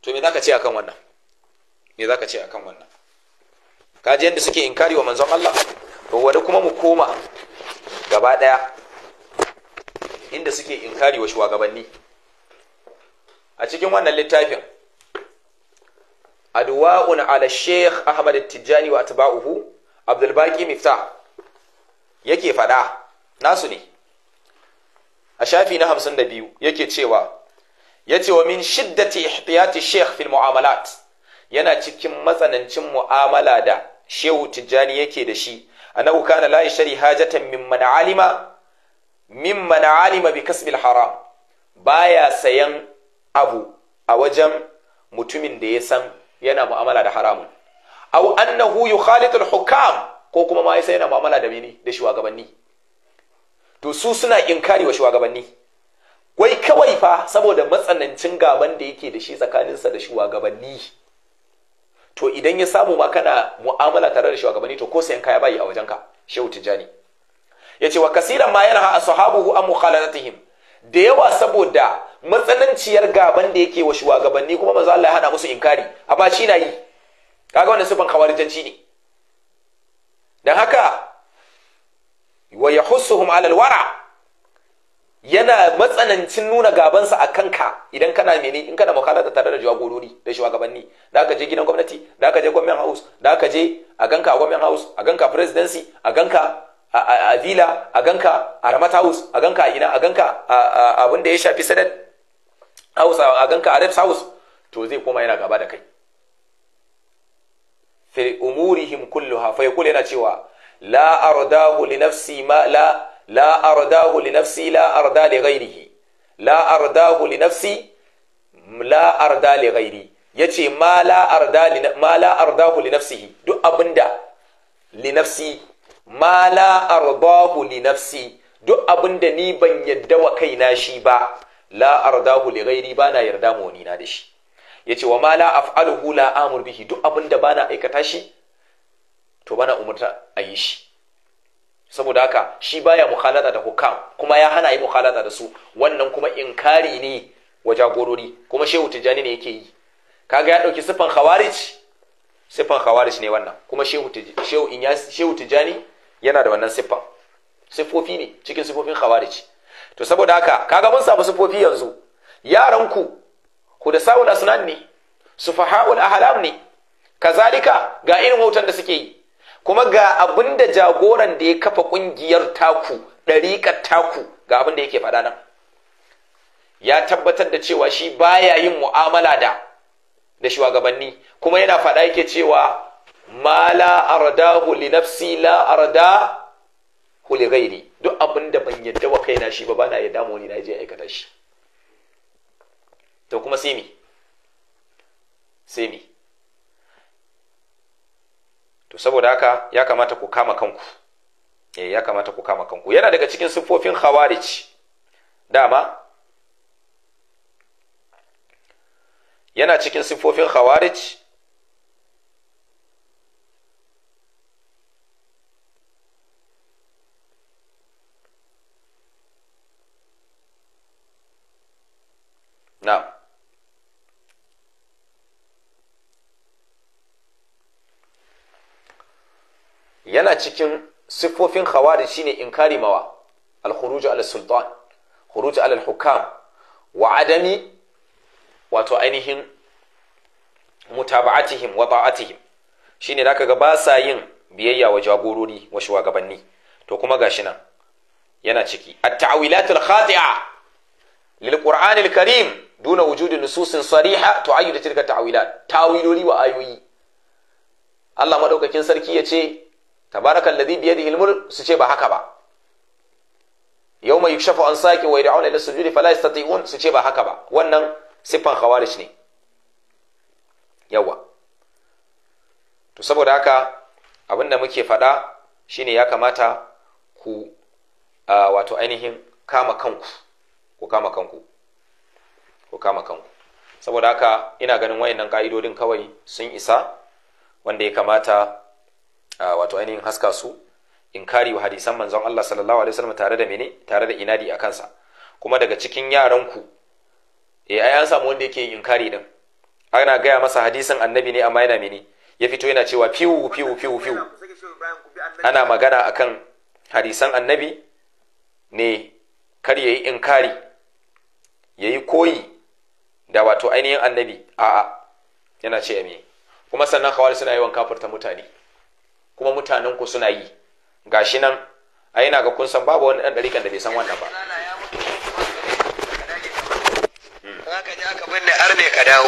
to me zaka ce akan wannan me zaka ce akan wannan kaji yanda suke inkari wa manzon Allah to wanda kuma mu koma gaba daya inda suke inkari wa shugabanni a cikin wannan littafin adwa'un ala sheikh ahmad tijjani wa atba'uhu abdul miftah yake fada nasu ne a shafi na 52 yake cewa yace wa min shiddati ihtiyati sheikh fil mu'amalat yana cikin matsanancin mu'amala da shehu tijjani yake da shi annahu kana la yashri hajatan mimman alima mimman alima bi kasbil haram baya sayan abu a wajen mutumin da ya san yana mu'amala da haramun Au annahu Huyu, hukam ko kuma ma yasa yana mu'amala da mini da shugabanni to su suna inkari wa shugabanni wai kawai fa saboda matsanancin gaban da yake da shi tsakaninsa da shugabanni to idan ya samu ma kana mu'amala tare da shugabanni to ko sayan kaya bayi a wajenka shehu tijani yace wa kasiran ma yana yanha ashabuhu an mukhalatatihim da yawa saboda matsananciyar gaban da yake wa shugabanni kuma manzo Allah ya hana musu inkari a ba shi na yi kaga wannan sifan khawarijanci ne dan haka wa yahussuhum ala alwara yana matsanancin nuna gabansa a kanka idan kana mene in kana da tare da jagorori da shugabanni da aka je gidan gwamnati da aka je gwamnan house da aka je a ganka a gwamnan house a ganka presidency a ganka a villa a ganka a ramata house a ganka a ina a ganka a abin da ya shafi senate house a ganka a reps house to zai koma yana gaba da kai fi umurihim kulluha fa yaqul yana cewa la ardahu li nafsi ma la la ardahu li nafsi la arda li ghairihi la ardahu li nafsi la arda li ghairi yace ma la arda li ma la ardahu li nafsihi duk abinda li nafsi ma la ardahu li nafsi duk abinda ni ban yadda wa kaina shi ba la ardahu li ghairi bana yarda mu ni na da shi yace wa ma la af'aluhu la amur bihi duk abin da bana aikata shi to bana umurta a yi shi saboda haka shi baya mukhalata da hukam kuma ya hana yi mukhalata da su wannan kuma inkari ne wa jagorori kuma shehu tijjani ne yake yi kaga ya dauki sifan khawarij sifan khawarij ne wannan kuma shehu shehu shehu tijani yana da wannan sifan sifofi ne cikin sifofin khawarij to saboda haka kaga mun samu sufofi yanzu yaranku ku da sawul asnan ne sufaha'ul ahlam ne kazalika ga irin wutan da suke yi kuma ga abinda jagoran da ya kafa kungiyar taku ɗariƙar taku ga abin da yake faɗa nan ya tabbatar da cewa shi baya yin mu'amala da da shugabanni kuma yana faɗa yake cewa ma la ardahu li nafsi la arda kuli gairi duk abin da ban yadda wa kaina shi ba bana yadda mu ni na je aikata shi to kuma sai mi sai mi to saboda haka ya kamata ku kama kanku eh ya kamata ku kama kanku yana daga cikin sifofin khawarij dama yana cikin sifofin khawarij na'am yana cikin siffofin khawarij shine inkari mawa al-khuruj ala sultan khuruj hukam wa adami wato ainihin mutaba'atihim wa ta'atihim shine zaka ga ba sa yin biyayya wa jagorori wa shugabanni to kuma gashi nan yana ciki at-ta'wilatul khati'a lil qur'anil karim duna wujudi nususin sariha tu'ayyidu tilka ta'wilat tawiloli wa ayoyi Allah madaukakin sarki ya ce tabarakal ladhi bi yadihi mulk su ce ba haka ba yawma yukshafu an saqi wa yad'una ila sujudi fala yastati'un su ce ba haka ba wannan siffan khawarij ne yawa to saboda haka abinda muke faɗa shine ya kamata ku ah, wato ainihin kama kanku ku kama kanku ku kama kanku saboda haka ina ganin wayannan ka'idodin kawai sun isa wanda ya kamata wato ainihin haska su in kari wa hadisan manzon Allah sallallahu alaihi wasallam tare da mene tare da inadi a kansa kuma daga cikin yaran ku eh ai an samu wanda yake yin inkari din ana gaya masa hadisin annabi ne amma yana mene ya fito yana cewa fiwu fiwu fiwu fiwu ana magana akan hadisan annabi ne kar yayi inkari yayi koyi da wato ainihin annabi a'a yana ce ame kuma sannan kawai suna yi wa kafirta mutane kuma mutanen ku suna yi gashi nan a yana ga kun san babu wani dan dariƙan da bai san wannan ba ka je aka binne arne ka dawo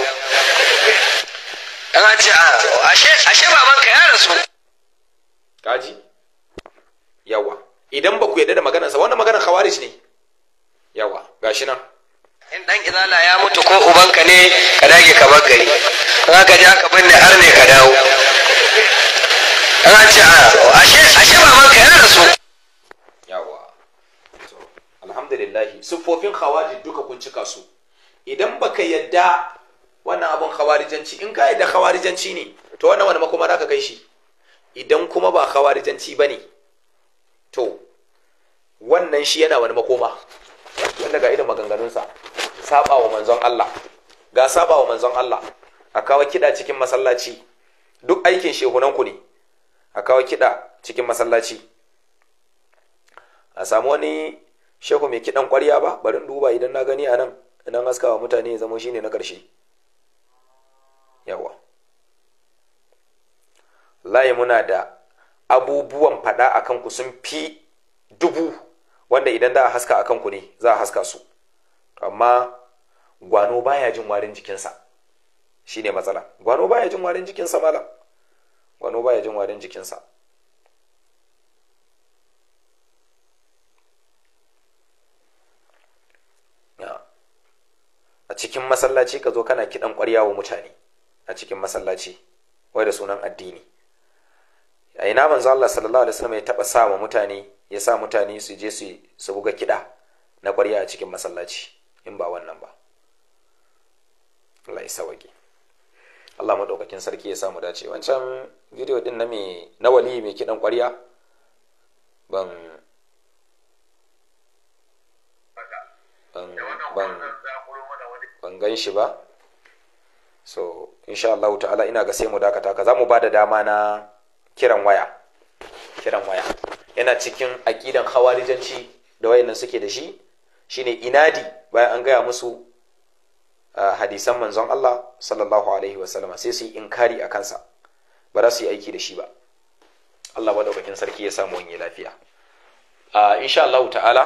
an ce ah, ashe ashe babanka ya rasu kaji yawa idan ba ku yarda da maganarsa wannan maganar khawarij ne yawa gashi nan in dan izala ya mutu ko ubanka ne ka dage ka bar gari in ka je aka binne har ne ka dawo in an ce ah, ashe ashe babanka yana da su yawa to alhamdulillah sufofin khawarij duka kun cika su idan baka yadda wannan abun khawarijanci in ka yadda khawarijanci ne to wannan wani makoma zaka kai shi idan kuma ba khawarijanci bane to wannan shi yana wani makoma wanda ga irin maganganunsa saba wa manzon Allah ga saba wa manzon Allah a kawo kiɗa cikin masallaci duk aikin shehunanku ne a kawo kiɗa cikin masallaci a samu wani shehu mai kiɗan ƙwarya ba bari n duba idan na gani anan. nan idan haskawa mutane ya zama shine na ƙarshe yawa layi muna da abubuwan faɗa a kanku sun fi dubu wanda idan za a haska a kanku ne za a haska su amma gwano baya jin warin jikinsa shine matsala gwano baya jin warin jikinsa malam gwano baya jin warin jikinsa a cikin masallaci ka zo kana kiɗan ƙwarya wa mutane a cikin masallaci wai da sunan addini a ina manzo Allah sallallahu alaihi wasallam ya taba sa wa mutane ya sa mutane su je su buga kiɗa na ƙwarya a cikin masallaci in ba wannan ba Allah ya sawaki Allah madaukakin sarki ya samu dace wancan bidiyo din na na wali mai kidan ƙwarya ban ban ban gan shi ba so insha Allah ta'ala ina ga sai mu dakata ka za mu ba da dama na kiran waya kiran waya yana cikin aƙidan hawarijanci da wayannan suke da shi shine inadi bayan an gaya musu hadisan manzon Allah sallallahu alaihi wasallam sai su yi inkari a kansa ba za su yi aiki da shi ba Allah madaukakin sarki ya samu wani lafiya insha Allah ta'ala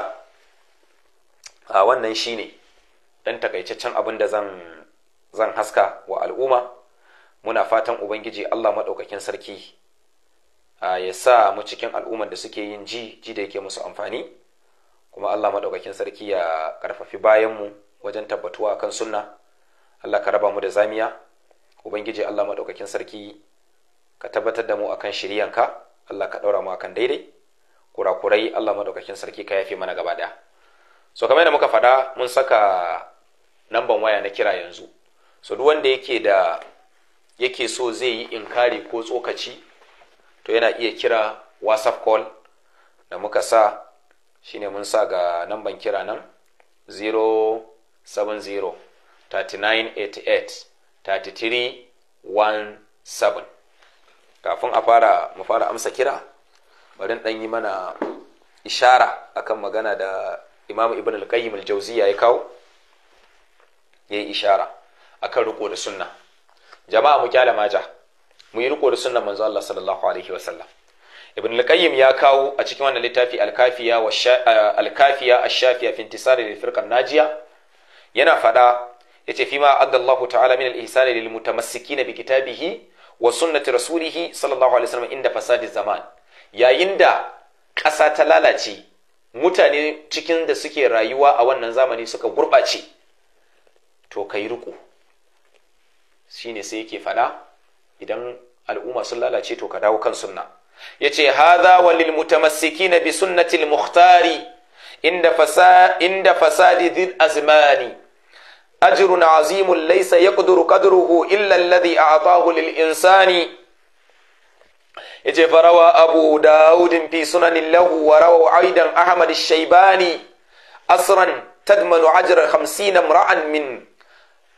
wannan shine dan takaicaccen abin da zan zan haska wa al'umma muna fatan ubangiji Allah maɗaukakin sarki ya sa mu cikin al'ummar da suke yin ji ji da yake musu amfani kuma Allah madaukakin sarki ya karfafi bayanmu wajen tabbatuwa kan sunna Allah ka raba mu da zamiya ubangiji Allah madaukakin sarki ka tabbatar da mu akan shiryanka. Allah ka daura mu akan daidai kurakurai Allah madaukakin sarki ka yafe mana gaba daya so kamar yadda muka faɗa mun saka namban waya na kira yanzu so duk wanda yake da yake so zai yi inkari ko tsokaci to yana iya kira whatsapp call da muka sa shine mun sa ga namban kira nan 070 3988 3317 kafin a fara mu fara amsa kira bari ɗan yi mana ishara akan magana da imamu ibn al-qayyim al-jawziya ya kawo yayi ishara akan riko da sunna jama'a mu kyala maja mu yi riko da sunnan manzo Allah sallallahu alaihi wasallam ibn al-qayyim ya kawo a cikin wannan littafi al-kafiya wa al-kafiya ash-shafiya fi intisari lil firqan najiya yana fada yace fi ma Allahu ta'ala min al-ihsani lil mutamassikina bi kitabihi wa sunnati rasulih sallallahu alaihi wasallam inda fasadi zaman yayin da ƙasa ta lalace mutane cikin da suke rayuwa a wannan zamani suka gurɓace to kai riko shine sai yake fada idan al'umma sun lalace to ka dawo kan sunna yace hadha walil mutamassikina bi sunnatil muhtari inda fasa fasadi dhil azmani ajrun azimun ya ƙuduru ƙaduruhu, illa alladhi a'tahu lil insani yace farawa abu daud fi sunanin lahu wa rawa aidan ahmad shaibani asran tadmanu ajra 50 imra'an min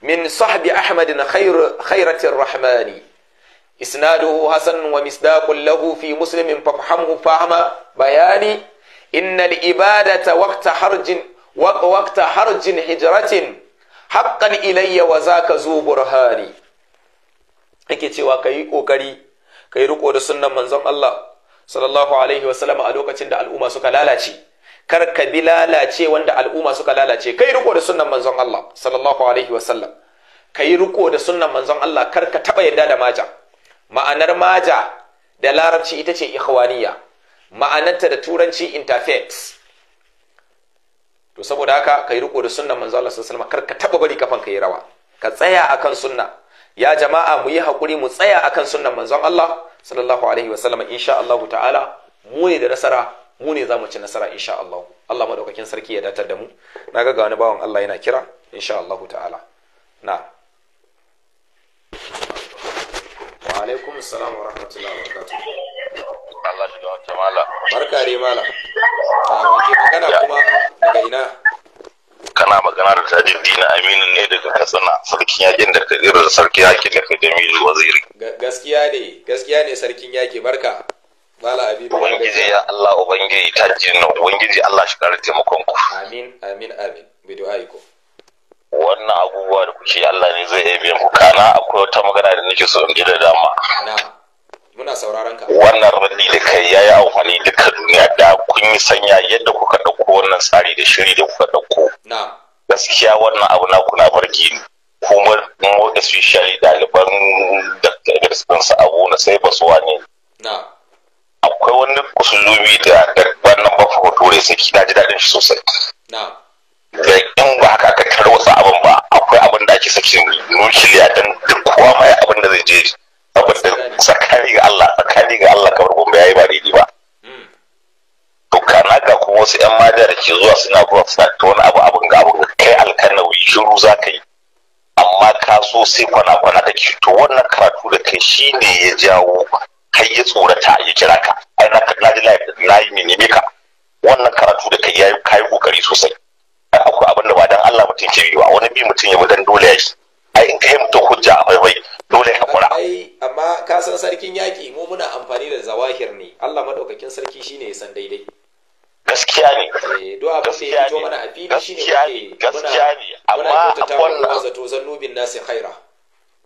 min sahbi ahmad khayr rahmani isnaduhu hasanun wa misdaqun lahu fi muslimin fafhamhu fahma bayani innal ibadata waqta harjin waqta harjin hijratin haqqan ilayya wa zaka zu cewa ka yi ƙoƙari, ka yi riko da sunan manzon Allah sallallahu alaihi wa a lokacin da al'umma suka lalace kar ka bi lalace wanda al'umma suka lalace Ka yi riko da sunan manzon Allah sallallahu alaihi wa sallam kai riko da sunan manzon Allah kar ka taba yadda da majan. ma'anar maja da larabci ita ce ikhwaniya ma'anarta da turanci interfaith to saboda haka yi riko da sunnan manzo Allah sallallahu alaihi wasallam kar ka taba bari kafan ka yi rawa ka tsaya akan sunna ya jama'a mu yi hakuri mu tsaya akan sunnan manzon Allah sallallahu alaihi wasallam insha Allah ta'ala mu ne da nasara mu ne zamu ci nasara insha Allah Allah madaukakin sarki ya datar da mu naga ga wani bawan Allah yana kira insha Allah ta'ala na'am alaikum salam wa rahmatullahi wa barakatuh Allah shiga wacce mala barka dai mala a ah, wace magana kuma daga ina kana magana da dina aminu ne daga katsina sarkin yakin da kadirar sarkin yakin da mai waziri gaskiya ne gaskiya ne sarkin yaki barka mala abibu ubangiji ya Allah ubangiji tajiddina ubangiji Allah shi kare taimakon ku amin amin amin Bidu a'iko. wannan abubuwa da kuke Allah ne zai biyan ku kana akwai wata magana da nake so in ji da dama muna sauraron ka wannan ralli da kai yayi amfani duka duniya da kun yi sanya yadda kuka dauko wannan tsari da shiri da kuka dauko gaskiya wannan abu na kuna barki kuma mu especially daliban da gaskiyar Binsa Abu na sai basu wani akwai wani kusulumi da wannan ba hoto da saki na ji daɗin shi sosai da in ba haka aka tarwatsa abin ba akwai abin da ake sakin nukiliya don duk kowa ma ya abin da zai je saboda tsakani ga Allah tsakani ga Allah kamar gombe ya yi ba daidai ba to kana ga kuma wasu yan mada da ke zuwa suna zuwa suna ta wani abu abin ga abin kai alkanawi shiru za ka yi amma ka so sai kwana-kwana kake to wannan karatu da kai shi ne ya jawo kai ya tsorata ya kira ka ai na ji layi ne menene ka wannan karatu da kai ya yi kayi kokari sosai ko abin da ba dan Allah mutum ke yi ba wani bi mutum ya bi dan dole ya shi ai in kai mutum hujja a faifai dole ka kura ai amma ka san sarkin yaki mu muna amfani da zawahir ne Allah madaukakin sarki shine ya san daidai gaskiya ne eh, do abin da ya fito mana a fili shine muke gaskiya ne amma akwai wannan zato zannubin nasi khaira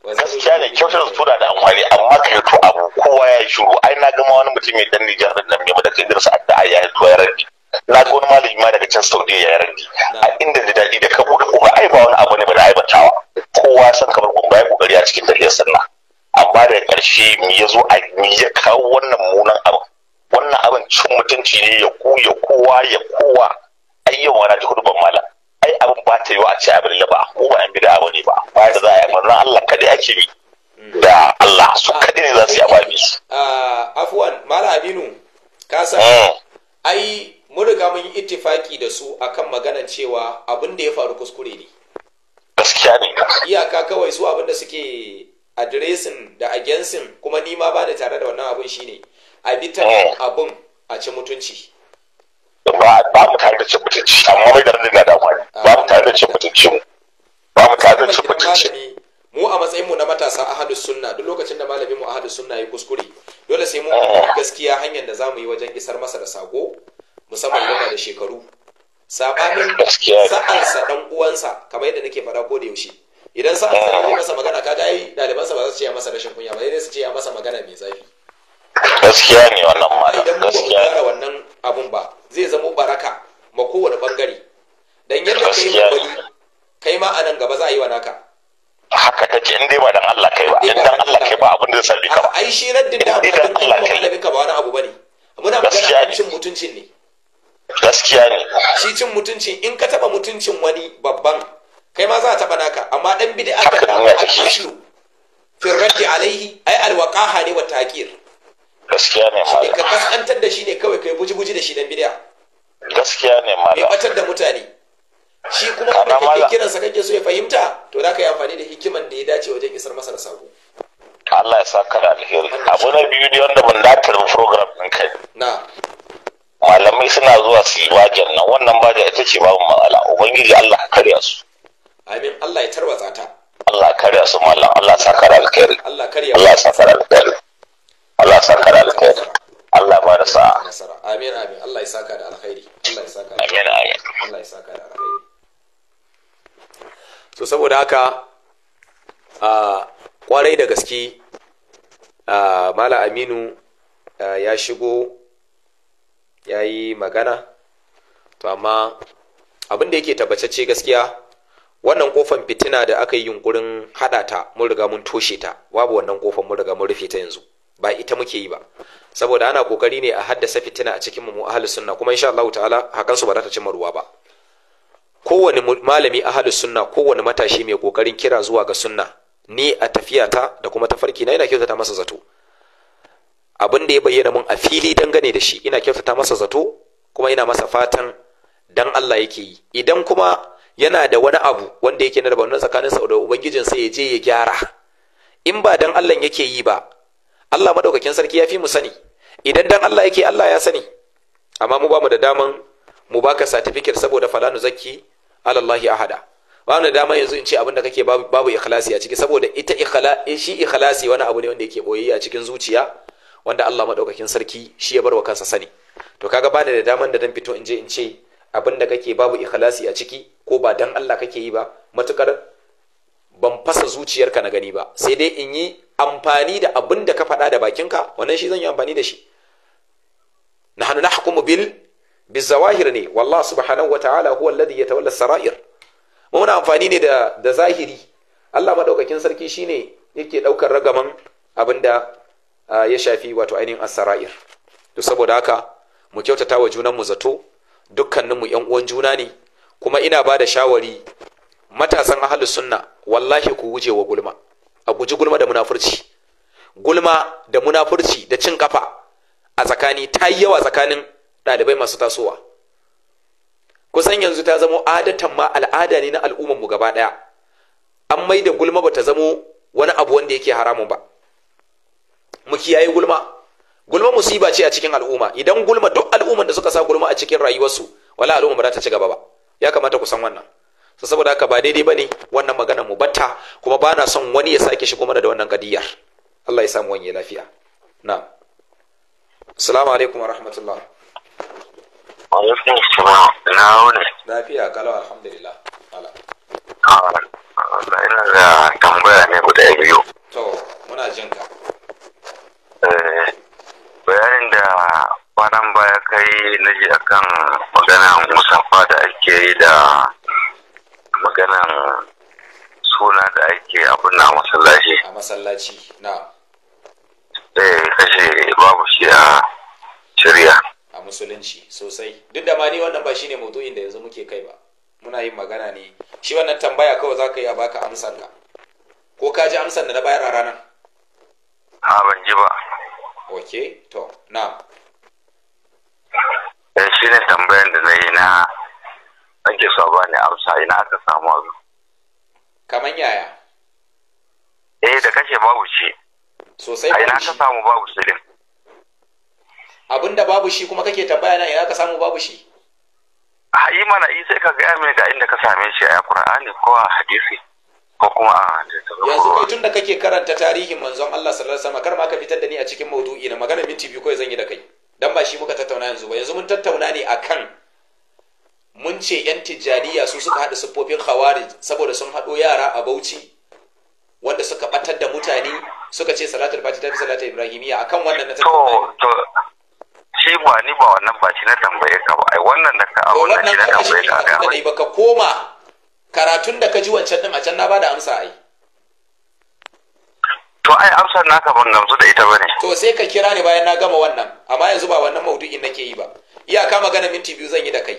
gaskiya ne kyautar tura da amfani amma kai to abu kowa ya yi shuru ai na gama wani mutum mai dan Nijar da nan mai da kai dirsa addu'a ya yi tuwa ya rabi na ga wani malami ma daga can saudi ya rarri a inda da daɗi da ka buɗe kuma ai ba wani abu ne ba da aibatawa kowa san kamar gumba ya kokari a cikin tafiyar sannan amma daga ƙarshe mu ya zo a ya kawo wannan munan abu wannan abin cin mutunci ne ya ku ya kowa ya kowa ai yau wani ji hudban malam ai abin ba ta yi wa a ce abin laba ba ko ba yan bida abu ne ba ba da za a yi manzon Allah kadai ake bi mm. da Allah su kadai ne za su yi ababi su ah, afuwan mala Aminu ka san mm. ai mun riga mun yi ittifaki da su akan maganan cewa abin da ya faru kuskure ne gaskiya ne iyaka kawai su abin da suke adiresin da agensin kuma ni ma bani tare da wannan abin shine a bi ta abin a ci mutunci ba mu tare da ci mutunci amma mai garin na damuwa ba mu tare da ci mutunci ba mu tare da ci mutunci mu a matsayin mu na matasa ahadus sunna duk lokacin da malamin mu ahadus sunna ya kuskure dole sai mu gaskiya hanyar da zamu yi wajen isar masa da sako musamman yana da shekaru sabanin sa'ansa dan uwansa kamar yadda nake fara ko da yaushe idan sa ne masa magana ga ai sa ba za su ce ya masa rashin kunya ba sai su ce ya masa magana mai zafi gaskiya ne wannan malam gaskiya ne wannan abun ba zai zama baraka ma kowane bangare dan yadda kai wani kai ma anan gaba za a yi wa naka haka kake in dai ba dan Allah kai ba in dan Allah kai ba abin da zai sabi ka ba ai shi raddin da dan Allah kai ba wani abu bane muna magana cin mutuncin ne gaskiya ne shi cin mutuncin in ka taba mutuncin wani babban kai ma za a taba naka amma dan bid'a ka da a ashlu fi raddi alaihi ai al-waqaha ne wa taqir gaskiya ne malam ka kasantar da shi ne kawai kai buji buji da shi dan bid'a gaskiya ne malam mai batar da mutane shi kuma wanda kake kiran sa kake so ya fahimta to za ka yi amfani da hikiman da ya dace wajen isar masa da sako Allah ya saka da alheri abu na biyu ne wanda mun da program ɗin kai na malamai suna zuwa su yi wajen nan wannan baja ita ce babu matsala ubangiji Allah ka karya su amin Allah ya tarwatsa ta Allah karya su mallam Allah sa kara alkhairi Allah karya Allah sa kara alkhairi Allah sa kara alkhairi Allah ba da sa'a amin amin Allah ya saka da alkhairi Allah ya saka da amin amin Allah ya saka da alkhairi so saboda haka a kwarai da gaske mala aminu ya shigo ya yi magana to amma abin da yake tabbatacce gaskiya wannan kofan fitina da aka yi yunkurin haɗa ta mun riga mun toshe ta babu wannan kofan mun riga mun rufe ta yanzu ba ita muke yi ba saboda ana kokari ne a haddasa fitina a cikin mu ahlus sunna kuma insha Allah ta'ala hakan su ba za ta cimma ruwa ba kowane malami ahlus sunna kowane matashi mai kokarin kira zuwa ga sunna ni a tafiyata da kuma tafarki na ina kyautata masa zato abin da ya bayyana mun a fili dangane da shi ina kyautata masa zato kuma ina masa fatan dan Allah yake yi idan kuma yana da wani abu wanda yake na da baunar tsakanin sa da ubangijin sa ya je ya gyara in ba dan Allah yake yi ba Allah madaukakin sarki ya fi mu sani idan dan Allah yake Allah ya sani amma mu ba mu da daman mu baka certificate saboda falanu zaki alallahi ahada ba mu da dama yanzu in ce abin da kake babu ikhlasi a ciki saboda ita ikhlasi shi ikhlasi wani abu ne wanda yake boyayya cikin zuciya wanda Allah maɗaukakin sarki shi ya barwa kansa sani to kaga bani da daman da dan fito in je in ce abin da kake babu ikhlasi a ciki ko ba dan Allah kake yi ba matukar ban fasa zuciyarka na gani ba sai dai in yi amfani da abin da ka faɗa da bakinka wannan shi zan yi amfani da shi nahnu nahkumu bil bizawahir ne wallah subhanahu wataala huwa alladhi yatawalla sarair mu muna amfani ne da da zahiri Allah madaukakin sarki shine yake daukar ragaman abinda ya shafi wato ainihin asara'ir to saboda haka mu kyautata wa junanmu zato dukkaninmu yan uwan juna ne kuma ina ba da shawari matasan ahalus sunna wallahi ku guje wa gulma a guji gulma da munafurci gulma da munafurci da cin kafa a tsakani ta yi yawa tsakanin ɗalibai masu tasowa kusan yanzu ta zamo adatan ma al'ada ne na al'ummar mu gaba ɗaya an mai da gulma ba ta zamo wani abu wanda yake haramun ba mu kiyaye gulma gulma musiba ce a cikin al'umma idan gulma duk al'umman da suka sa gulma a cikin rayuwarsu wala al'umma ba za ta ci gaba ba ya kamata ku san wannan so saboda haka ba daidai bane wannan magana mu batta kuma ba na son wani ya sake shigo mana da wannan kadiyar Allah ya samu wani lafiya na assalamu alaikum wa rahmatullah na wani lafiya kalau alhamdulillah ala ah, ina da tambaya ne guda biyu to muna jinka Eh, bayanin da kwanan baya kai na ji akan maganan musamman da ake yi da maganan suna da ake abin na masallaci a masallaci na eh kashe babu shi a shirya a musulunci sosai duk da ma ni wannan ba shine maudu'in da yanzu muke kai ba muna yin magana ne shi wannan tambaya kawai za ka yi a baka amsar ka ko ka ji amsar da na bayar a ranar a ban ji ba ok to na eh shi ne tambayan da na yi na ake so ba ne amsa ina aka samu abu kaman yaya eh da kashe babu shi sosai a ina ka samu babu shi din abinda babu shi kuma kake tambaya na ina ka samu babu shi a yi mana sai ka gaya mai ga inda ka same shi a Qur'ani ko a hadisi ko kuma a yanzu kai tun da kake karanta tarihin manzon Allah sallallahu alaihi wasallam kar ma ka fitar da ni a cikin maudu'i na magana minti biyu kawai zan yi da kai dan ba shi muka tattauna yanzu ba yanzu mun tattauna ne akan mun ce yan tijariya su suka haɗa siffofin khawarij saboda sun haɗo yara a Bauchi wanda suka batar da mutane suka ce salatul fati ta fi salatul ibrahimiyya akan wannan na tattauna to shi ba ni ba wannan ba shi na tambaye ka ba ai wannan da ka a wannan shi na tambaye ka ba ka koma karatun da ka ji wancan din a can na bada amsa ai to ai amsar naka ban gamsu da ita bane to sai ka kira ni bayan na gama wannan amma yanzu ba wannan maudu'in nake yi ba iyaka magana minti biyu zan yi da kai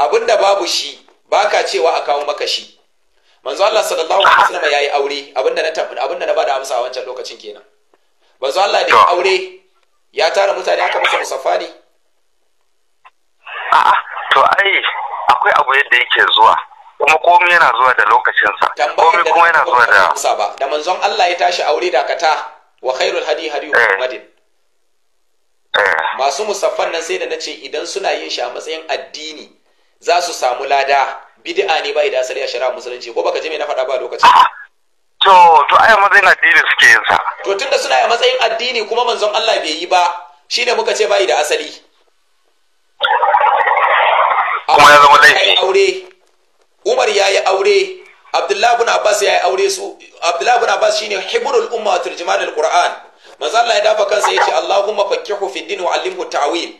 abinda babu shi baka cewa a kawo maka shi manzo Allah sallallahu alaihi wasallam yayi aure abinda na tabbata abinda na bada amsa a wancan lokacin kenan manzo Allah da aure ya tara mutane aka masa ne? a'a to ai akwai abu yadda yake zuwa kuma komai yana zuwa da lokacinsa komai kuma yana zuwa da da manzon Allah ya tashi aure da kata wa khairul hadi hadi eh. Muhammadin eh. masu musaffan nan sai da nace idan suna yin shi a matsayin addini za su samu lada bid'a ne bai da asali a shari'a musulunci ko baka ji me na faɗa ba lokacin ah! to to ai matsayin addini suke yin sa to tunda suna a matsayin addini kuma manzon Allah bai yi ba shine muka ce bai da asali kuma ya zama laifi umar ya yi aure abdullahi bin abbas ya yi aure su abdullahi bin abbas shine hibrul umma alquran manzo Allah ya dafa kansa yace allahumma faqihu fi din wa allimhu ta'wil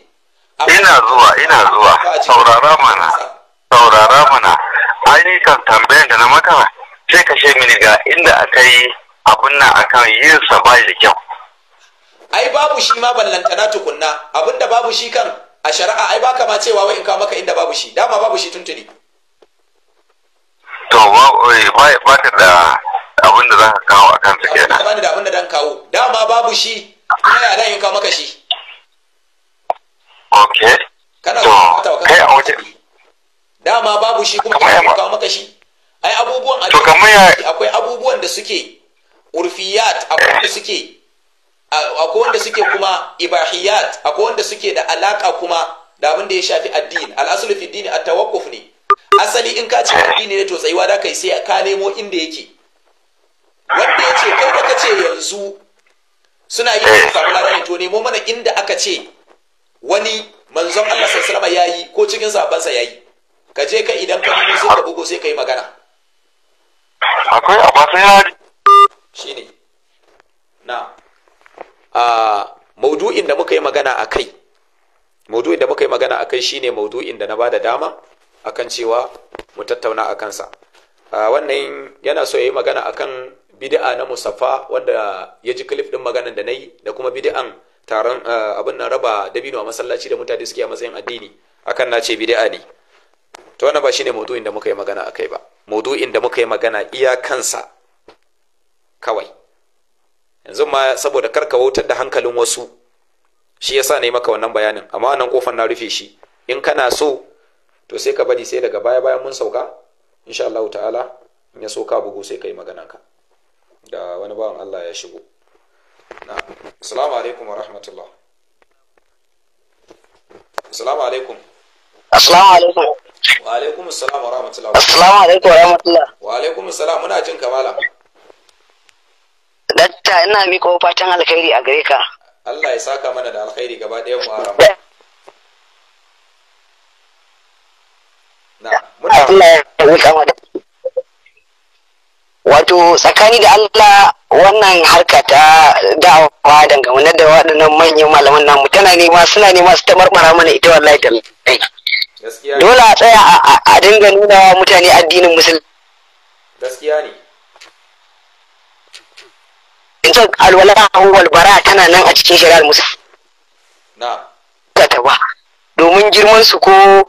ina zuwa ina zuwa saurara mana saurara mana ai kan tambayan da na maka sai ka she mini ga inda aka yi abun nan akan yin sa bai da kyau ai babu shi ma ballantana tukunna abinda babu shi kan a shari'a ai baka ma cewa wai in ka maka inda babu shi dama babu shi tuntuni to ba ka eh, da abin da zaka kawo a kansa kenan ba ni da abin da dan kawo dama babu shi kuma ya dan kawo maka shi okay kana to kai a waje dama babu shi kuma ya kawo maka shi ai abubuwan akwai abubuwan da suke urfiyat akwai da suke akwai wanda suke kuma ibahiyat akwai wanda suke da alaka kuma da abin da ya shafi addini al'asulu fi dini at-tawaqquf ne asali in ka ce addini ne to tsayuwa da kai sai ka nemo inda yake wanda ya ce kai da ka ce yanzu suna yin farla ne to nemo mana inda aka ce wani manzon Allah sallallahu alaihi wasallam yayi ko cikin sa yayi ka je kai idan ka nemo sai ka bugo sai kai magana akwai abasa shine na a maudu'in da muka yi magana akai maudu'in da muka yi magana a kai shine maudu'in da na bada dama akan cewa mu tattauna a kansa wannan yana so ya yi magana akan bidi'a na musaffa wanda ya ji clip ɗin maganan da na yi da kuma bid'an taron abin nan raba dabino a masallaci da mutane suke a matsayin addini akan na ce bid'a ne to wannan ba shine maudu'in da muka yi magana akai ba maudu'in da muka yi magana iya kansa kawai yanzu ma saboda ka wautar da hankalin wasu shi yasa yi maka wannan bayanin amma wannan kofar na rufe shi in kana so to sai ka bari sai daga baya bayan mun sauka insha Allah ta'ala in ya so ka bugu sai kai magana ka da wani bawan Allah ya shigo na assalamu alaikum wa rahmatullah assalamu alaikum assalamu alaikum wa alaikum assalamu wa rahmatullah assalamu alaikum wa rahmatullah wa alaikum assalam muna jin kamala dakta ina miko fatan alkhairi a gare ka Allah ya saka mana da alkhairi gaba ɗayan mu haram Allah ya rika Wato tsakani da Allah wannan harka ta da'awa dangane da waɗannan manyan malaman namu tana nema suna nema su ta mana ita wallahi da Dole a tsaya a dinga nuna wa mutane addinin musulmi. Gaskiya ne. In son alwala wal bara tana nan a cikin shari'ar musulmi. Na. Ba. Domin girman su ko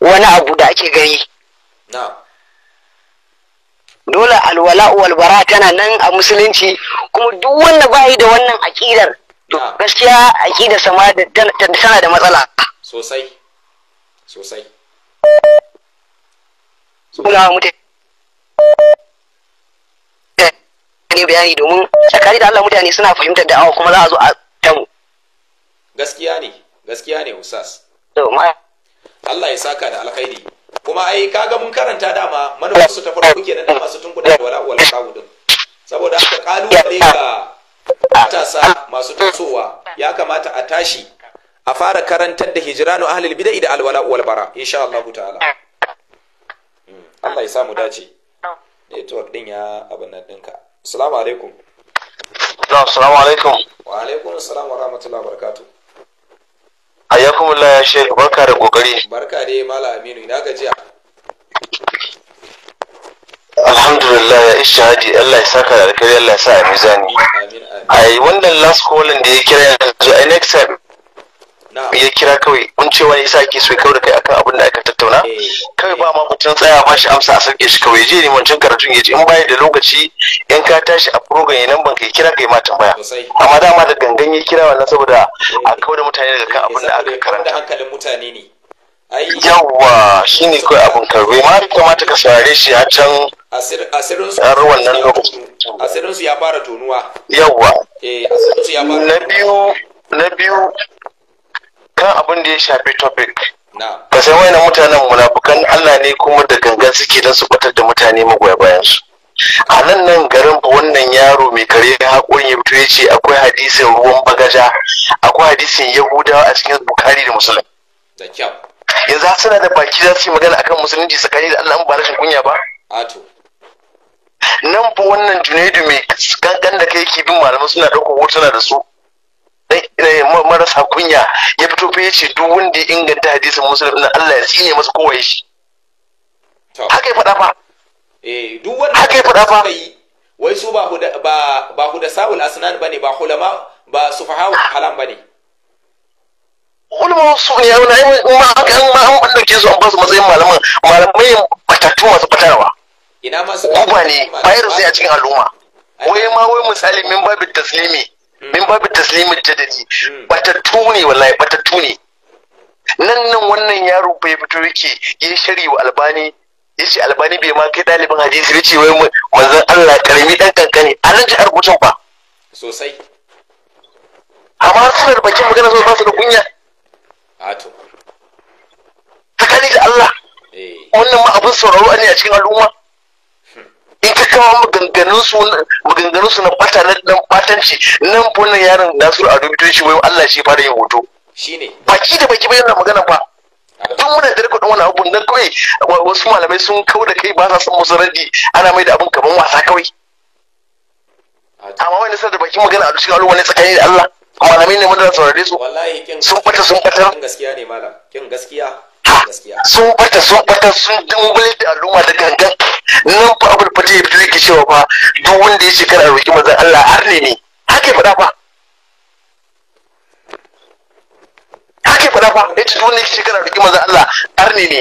wani abu da ake gani dole alwala walbara tana nan a musulunci kuma duk wanda bayi da wannan aƙidar to gaskiya aƙidar sama tana da matsala sosai sosai kulawa mutane bayani domin tsakani da Allah mutane suna fahimtar da awa kuma za a zo a tamu gaskiya ne gaskiya ne usas ma Allah ya saka da alkhairi kuma ai kaga mun karanta dama manufar su ta farko kenan da masu tunkuda da wala wal kawu saboda haka kalubale ga matasa masu tasowa ya kamata a tashi a fara karantar da hijranu ahlul bid'ah da alwala wal bara insha Allah ta'ala hmm, Allah ya samu dace network din ya abin nan dinka assalamu alaikum assalamu alaikum wa alaikum assalam wa rahmatullahi wa barakatuh Ayyakumullah ya shek barka da kokari. Barka dai Malam Aminu ina gajiya. Alhamdulillah ya isha haji Allah ya saka da alkhairi Allah ya sa a mizani. Ai wannan last call da ya kira yanzu a next time ya kira kawai mun cewa ya sa ke so kawai da kai akan abin da aka tattauna eh. kawai ba ma mutum tsaya ba shi amsa a sauke shi kawai je ne wancan karatun ya ce in baya da lokaci in ka tashi a program ya nan banka ya kira kai ma tambaya amma dama da gangan ya kira wannan saboda eh. a kawai da mutane daga kan abin da aka karanta hankalin mutane ne yawwa shi ne kawai abin karbe ma kamata ka saurare shi a can har wannan lokacin asirinsu ya fara tonuwa yawwa eh, na biyu na biyu kan abin da ya shafi topic ka sai wani mutanen munafukan Allah ne kuma da gangan suke don su batar da mutane magoya bayan su a nan nan garin ba wannan yaro mai kare haƙurin ya fito ya ce akwai hadisin ruwan bagaja akwai hadisin yahudawa a cikin bukari da musulun Yanzu za suna da baki za su yi magana akan musulunci tsakani da Allah ba rashin kunya ba nan bu wannan junaidu mai kankan da kai ke bin malamai suna ɗaukar hotuna da su Eh, eh, marasa kunya ya fito fa yace duk wanda ya inganta hadisin muslim na Allah ya tsine masa kowai shi haka ya faɗa fa eh duk wanda haka ya faɗa fa wai su ba ba ba huda sa'ul asnan bane ba hulama ba sufaha halam bane hulama su ne yau na yi ma haka an ma an ke su an ba su matsayin malaman malamai batattu masu fatarwa ina ma su ba ne bayar su a cikin al'umma wai ma wai misali min babin taslimi min babu taslimin jadadi hmm. batattu ne wallahi batattu ne nan nan wannan yaro bai fito yake ya shari wa albani ya ce albani bai ma kai ɗaliban hadisi ya ce wai manzon Allah karimi dan kankani a nan jihar Bauchi ba sosai amma suna da bakin magana sosai ba su da kunya ato tsakani da Allah eh. wannan ma abin sauraro ne a cikin al'umma ita kama maganganun su na bata na dan batanci nan wannan yaron Nasiru a bidiyon shi wayo Allah shi fara yin hoto ne baki da baki bai yana magana ba. Don muna da rikodin wani abu nan kawai wasu malamai sun kau da kai ba sa son musu raddi ana mai da abin kaman wasa kawai amma wani sa da bakin magana a cikin alwani tsakani da Allah malamai ne mun da saurare su sun fata sun fata gaskiya ne malam kin gaskiya sun bata sun bata sun dangule da al'umma da gangan nan fa abul fata ya fita yake cewa fa duk wanda ya shekara a roƙi manzon Allah har ne ne haka faɗa fa haka faɗa fa ya ce duk wanda ya shekara a roƙi manzon Allah har ne ne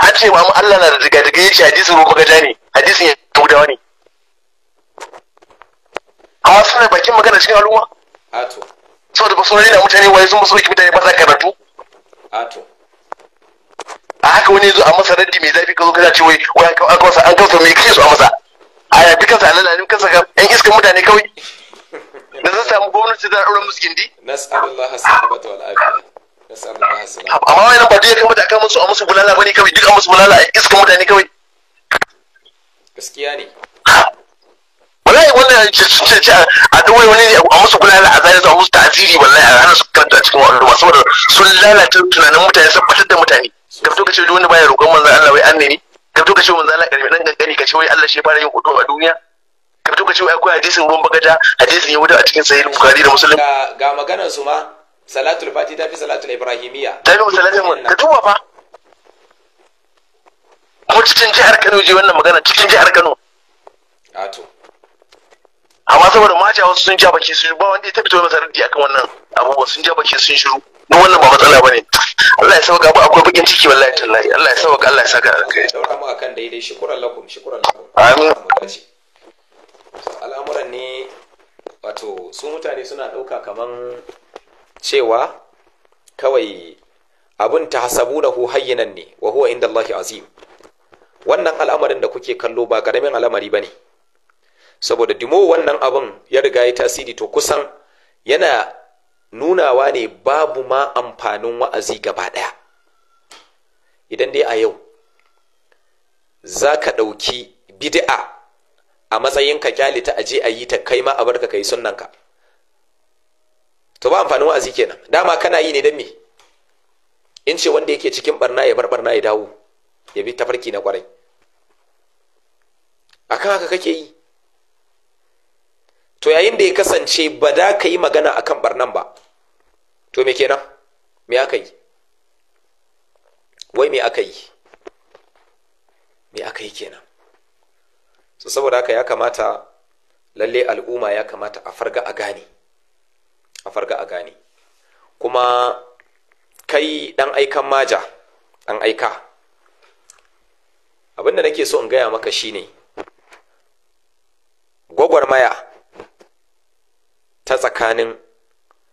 an ce ma Allah na da daga-daga ya ce hadisin ruwa gaja ne hadisin ya taudawa ne amma suna bakin magana cikin al'umma a to saboda ba su rena mutane waye sun musu mutane ba za karatu a to a haka wani zo a masa raddi mai zafi ka zo kana ce wai wai an kawo an kawo mai kishi su a masa a ya bi kansa alala ne kansa ga yan iskan mutane kawai da zan samu gwamnati da auren musu gindi nas'alullah as-sabata wal afiya amma as nan ba duk ya kamata aka musu a musu bulala bane kawai duk a musu bulala a iskan mutane kawai gaskiya ne wallahi wannan ce ce a duk wani ne a musu bulala a zai zuwa musu ta'aziri wallahi a hana su kanta a cikin wa'alluwa saboda sun lalata tunanin mutane sun batar da mutane ka fito ka ce wani baya roƙon manzan Allah wai an ne ka fito ka ce manzan Allah karmi dan gangani ka ce wai Allah shi fara yin hudu a duniya ka fito ka ce wai akwai hadisin ruwan bagaja hadisin yahuda a cikin sahih bukhari da muslim ga maganar su ma salatul fati ta fi salatul Ibrahimiyya. ta fi salatul ka duba fa ko cikin jihar Kano je wannan magana cikin jihar Kano a to amma saboda mace wasu sun ja baki sun ba wanda ya tabbata masa raddi akan wannan abubuwa sun ja baki sun shiru duk wannan ba matsala bane Allah ya sauka ba akwai bakin ciki wallahi tallahi Allah ya sauka Allah ya saka alkai daura mu akan daidai shukran lakum shukran lakum amin al'amuran ne wato su mutane suna dauka kaman cewa kawai abun ta tahsabunahu hayyinan ne wa huwa inda Allah azim wannan al'amarin da kuke kallo ba karamin al'amari bane saboda dimo wannan abin ya riga ya tasiri to kusan yana nunawa ne babu ma amfanin wa'azi gaba ɗaya idan dai a yau za ka ɗauki bid'a a matsayin ka kyalita a je a yi ta kai ma a barka kai sunnan ka to ba amfanin wa'azi kenan dama kana yi ne dan me in ce wanda yake cikin barna ya bar barna ya dawo ya bi tafarki na kwarai A kan haka kake yi to yayin da ya kasance ba da ka yi magana a kan barnan ba to me kenan me aka yi wai me aka yi me aka yi kenan so saboda haka ya kamata lalle al'umma ya kamata a farga a gane a farga a gane kuma kai dan aikan maja dan aika abinda nake so in gaya maka shine gwagwarmaya ta tsakanin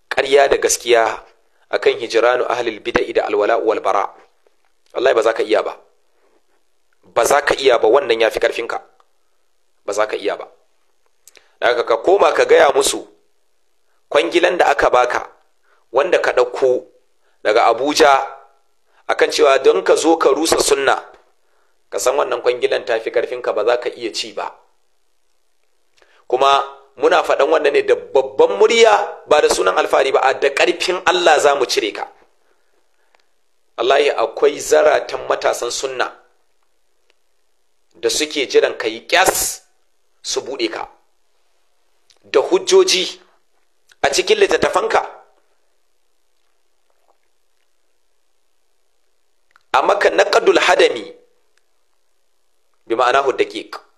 ƙarya da gaskiya akan hijiranu ahalil bida'i da alwala wal bara wallahi ba za ka iya ba ba za ka iya ba wannan fi ƙarfinka ba za ka iya ba daga ka koma ka gaya musu kwangilan da aka baka wanda ka ɗauko daga abuja akan cewa don ka zo ka rusa sunna ka san wannan kwangilan ta tafi ƙarfinka ba za ka iya ci ba kuma muna faɗan wannan ne da babban murya ba da sunan alfahari ba a da ƙarfin Allah za mu cire ka wallahi akwai zaratan matasan sunna da suke jiran ka yi ƙyas su buɗe ka da hujjoji a cikin littattafanka a maka ƙadul hadami bi ma'ana daƙiƙ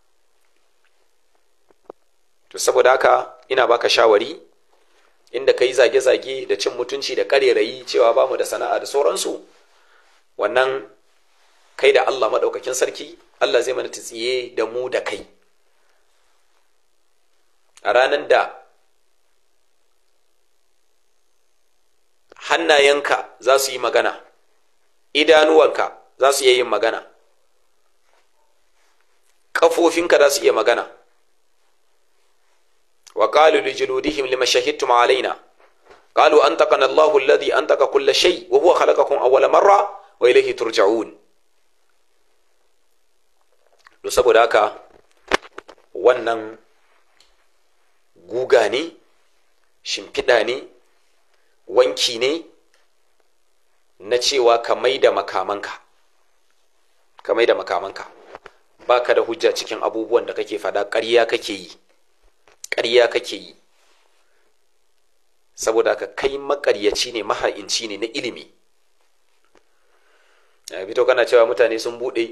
to saboda haka ina baka shawari inda ka zage-zage da cin mutunci da karerayi cewa ba mu da sana'a da sauransu wannan kai da Allah maɗaukakin sarki Allah zai mana tsiye da mu da kai a ranar da hannayenka za su yi magana idanuwanka za su iya magana ƙafofinka za su iya magana wa qalu li juludihim lima shahidtum alaina qalu antaqana Allahu alladhi antaqa kull shay wa huwa khalaqakum awwala marra wa ilayhi turja'un to saboda haka wannan guga ne shimfiɗa ne wanki ne na cewa ka maida makamanka ka maida makamanka baka da hujja cikin abubuwan da kake fada karya kake yi ƙarya kake yi saboda ka kai makaryaci ne maha'inci ne na ilimi a fito kana cewa mutane sun buɗe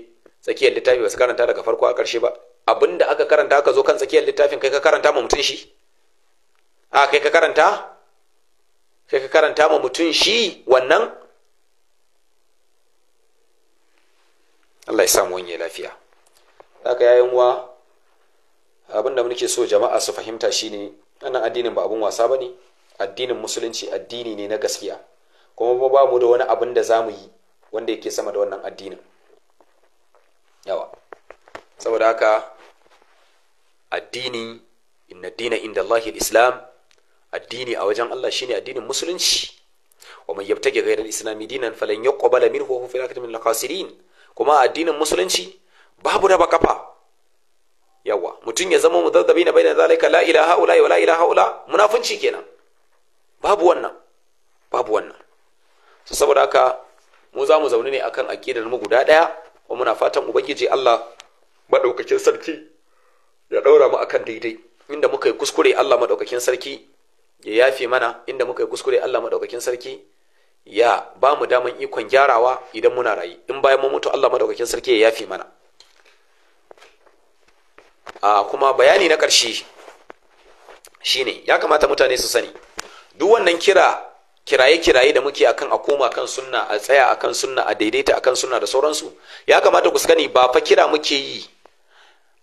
tsakiyar littafi ba su karanta daga farko a ƙarshe ba abinda aka karanta aka zo kan tsakiyar littafin kai ka karanta ma mutum shi a kai ka karanta kai ka karanta ma mutum shi wannan Allah ya samu wani lafiya ka yayin wa abin da muke so jama'a su fahimta shine wannan addinin ba abin wasa ba ne. addinin musulunci addini ne na gaskiya kuma ba mu da wani abin da zamu yi wanda yake sama da wannan addinin yawa saboda haka addini inna dina inda Allah islam addini a wajen Allah shine addinin musulunci wa man yabtagi ghayra al-islami dinan falan yuqbala minhu wa huwa al akhirati min al-khasirin kuma addinin musulunci babu raba kafa yawa mutum ya zama mudazzabi na bayyana zalika la ilaha ula wa la ilaha ula munafunci kenan babu wannan babu wannan su saboda haka mu za mu zaune ne akan aqidar mu guda ɗaya, kuma muna fatan ubangiji Allah madaukakin sarki ya daura mu akan daidai inda muka yi kuskure Allah madaukakin sarki ya yafe mana inda muka yi kuskure Allah madaukakin sarki ya ba mu daman ikon gyarawa idan muna rayu in bayan mu mutu Allah madaukakin sarki ya yafe mana uh, kuma bayani na ƙarshe shine ya kamata mutane su sani duk wannan kira kiraye-kiraye da muke akan a koma kan sunna a tsaya akan sunna a daidaita akan sunna da sauransu ya kamata ku sani ba fa kira muke yi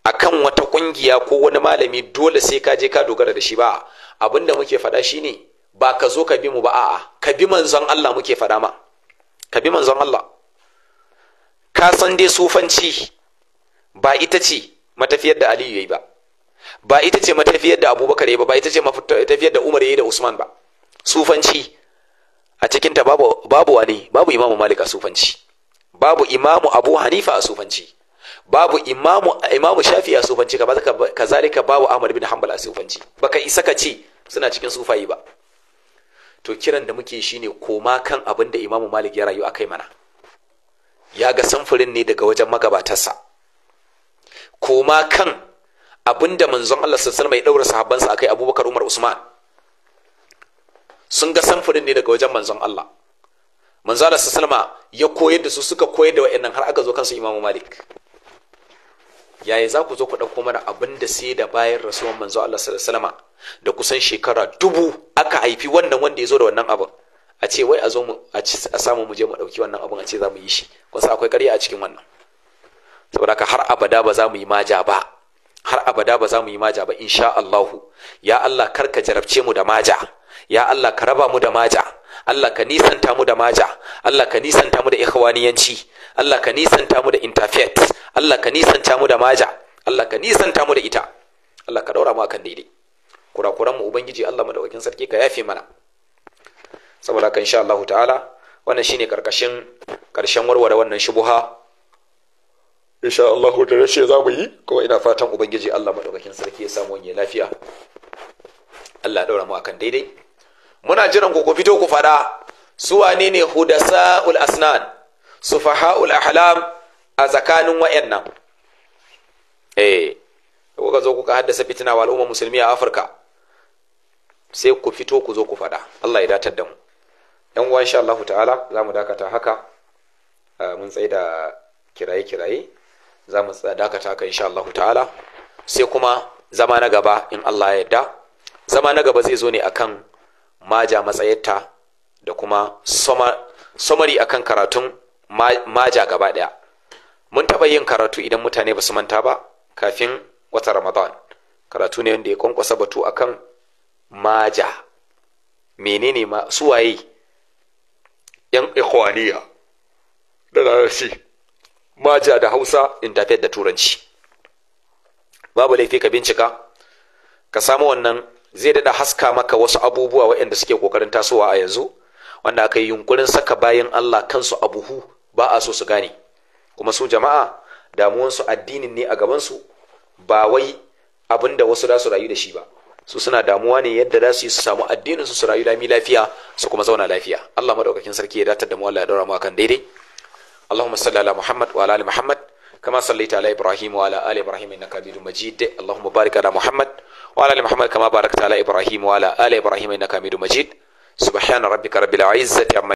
akan wata kungiya ko wani malami dole sai ka je ka dogara da shi ba abinda muke faɗa shine ba ka zo ka bi mu ba a'a ka bi manzon Allah muke faɗa ma ka bi manzon Allah ka san dai sufanci ba ita ce matafiyar da aliyu ya yi ba ba ita ce matafiyar da abubakar ya yi ba ba ita ce matafiyar da umar ya yi da usman ba sufanci a cikinta babu babu wani babu imamu malik a sufanci babu imamu abu hanifa a sufanci babu imamu imamu shafi a sufanci kazalika babu ahmad bin hanbal a sufanci baka isa ka ce suna cikin sufayi ba to kiran da muke shine koma kan abin da imamu malik ya rayu a kai mana ya ga samfurin ne daga wajen magabatarsa koma kan abinda manzon Allah sallallahu alaihi wasallam ya daura sahabbansa akai Abubakar Umar Usman sun ga samfurin ne daga wajen manzon Allah manzon Allah sallallahu alaihi wasallam ya koyar da su suka koyar da wayannan har aka zo kansu Imam Malik yaya za ku zo ku ɗauko mana abin da sai da bayan rasuwan manzo Allah sallallahu alaihi da kusan shekara dubu aka haifi wannan wanda ya zo da wannan abin a ce wai a zo mu a samu mu je mu dauki wannan abin a ce za mu yi shi kun akwai ƙarya a cikin wannan saboda ka har abada ba za mu yi maja ba har abada ba za mu yi maja ba insha Allahu ya Allah kar ka jarabce mu da maja ya Allah ka raba mu da maja Allah ka nisanta mu da maja Allah ka nisanta mu da ikhwaniyanci Allah ka nisanta mu da interfaith Allah ka nisanta mu da maja Allah ka nisanta mu da ita Allah ka daura mu akan daidai kurakuran mu ubangiji Allah madaukakin sarki ka yafe mana saboda ka insha Allah ta'ala wannan shine karkashin karshen warware wannan shubuha insha Allah da rashe za mu yi kuma ina fatan ubangiji Allah madaukakin sarki ya samu wani lafiya Allah daura mu akan daidai muna jiran ku ku fito ku fada su wane ne hudasaul asnan sufahaul ahlam a tsakanin wayannan eh ka zo kuka haddasa fitina wa al'umma musulmi a Afirka sai ku fito ku zo ku fada Allah ya datar da mu yan uwa insha Allah ta'ala zamu dakata haka ah, mun tsaye kiraye-kiraye za mu dakata ka insha Allah ta'ala sai kuma zama na gaba in Allah ya yarda zama na gaba zai zo ne akan maja matsayarta da kuma summary akan karatun maja gaba daya mun taɓa yin karatu idan mutane ba su manta ba kafin wata ramadan karatu ne wanda ya kwankwasa batu akan maja menene ma suwaye yan ikhwaniya da maja da hausa interfet da turanci babu laifi ka bincika ka samu wannan zai dada haska maka wasu abubuwa waɗanda suke kokarin tasowa a yanzu wanda aka yi yunkurin saka bayan Allah kansu a buhu ba a so su gane kuma su jama'a damuwansu addinin ne a gabansu ba wai abinda da wasu za su rayu da shi ba su suna damuwa ne yadda za su yi su samu addinin su su rayu lami lafiya su kuma zauna lafiya Allah madaukakin sarki ya datar da mu Allah ya daura mu akan daidai اللهم صل على محمد وعلى ال محمد كما صليت على ابراهيم وعلى ال ابراهيم انك حميد مجيد اللهم بارك على محمد وعلى ال محمد كما باركت على ابراهيم وعلى ال ابراهيم انك حميد مجيد سبحان ربك رب العزه عما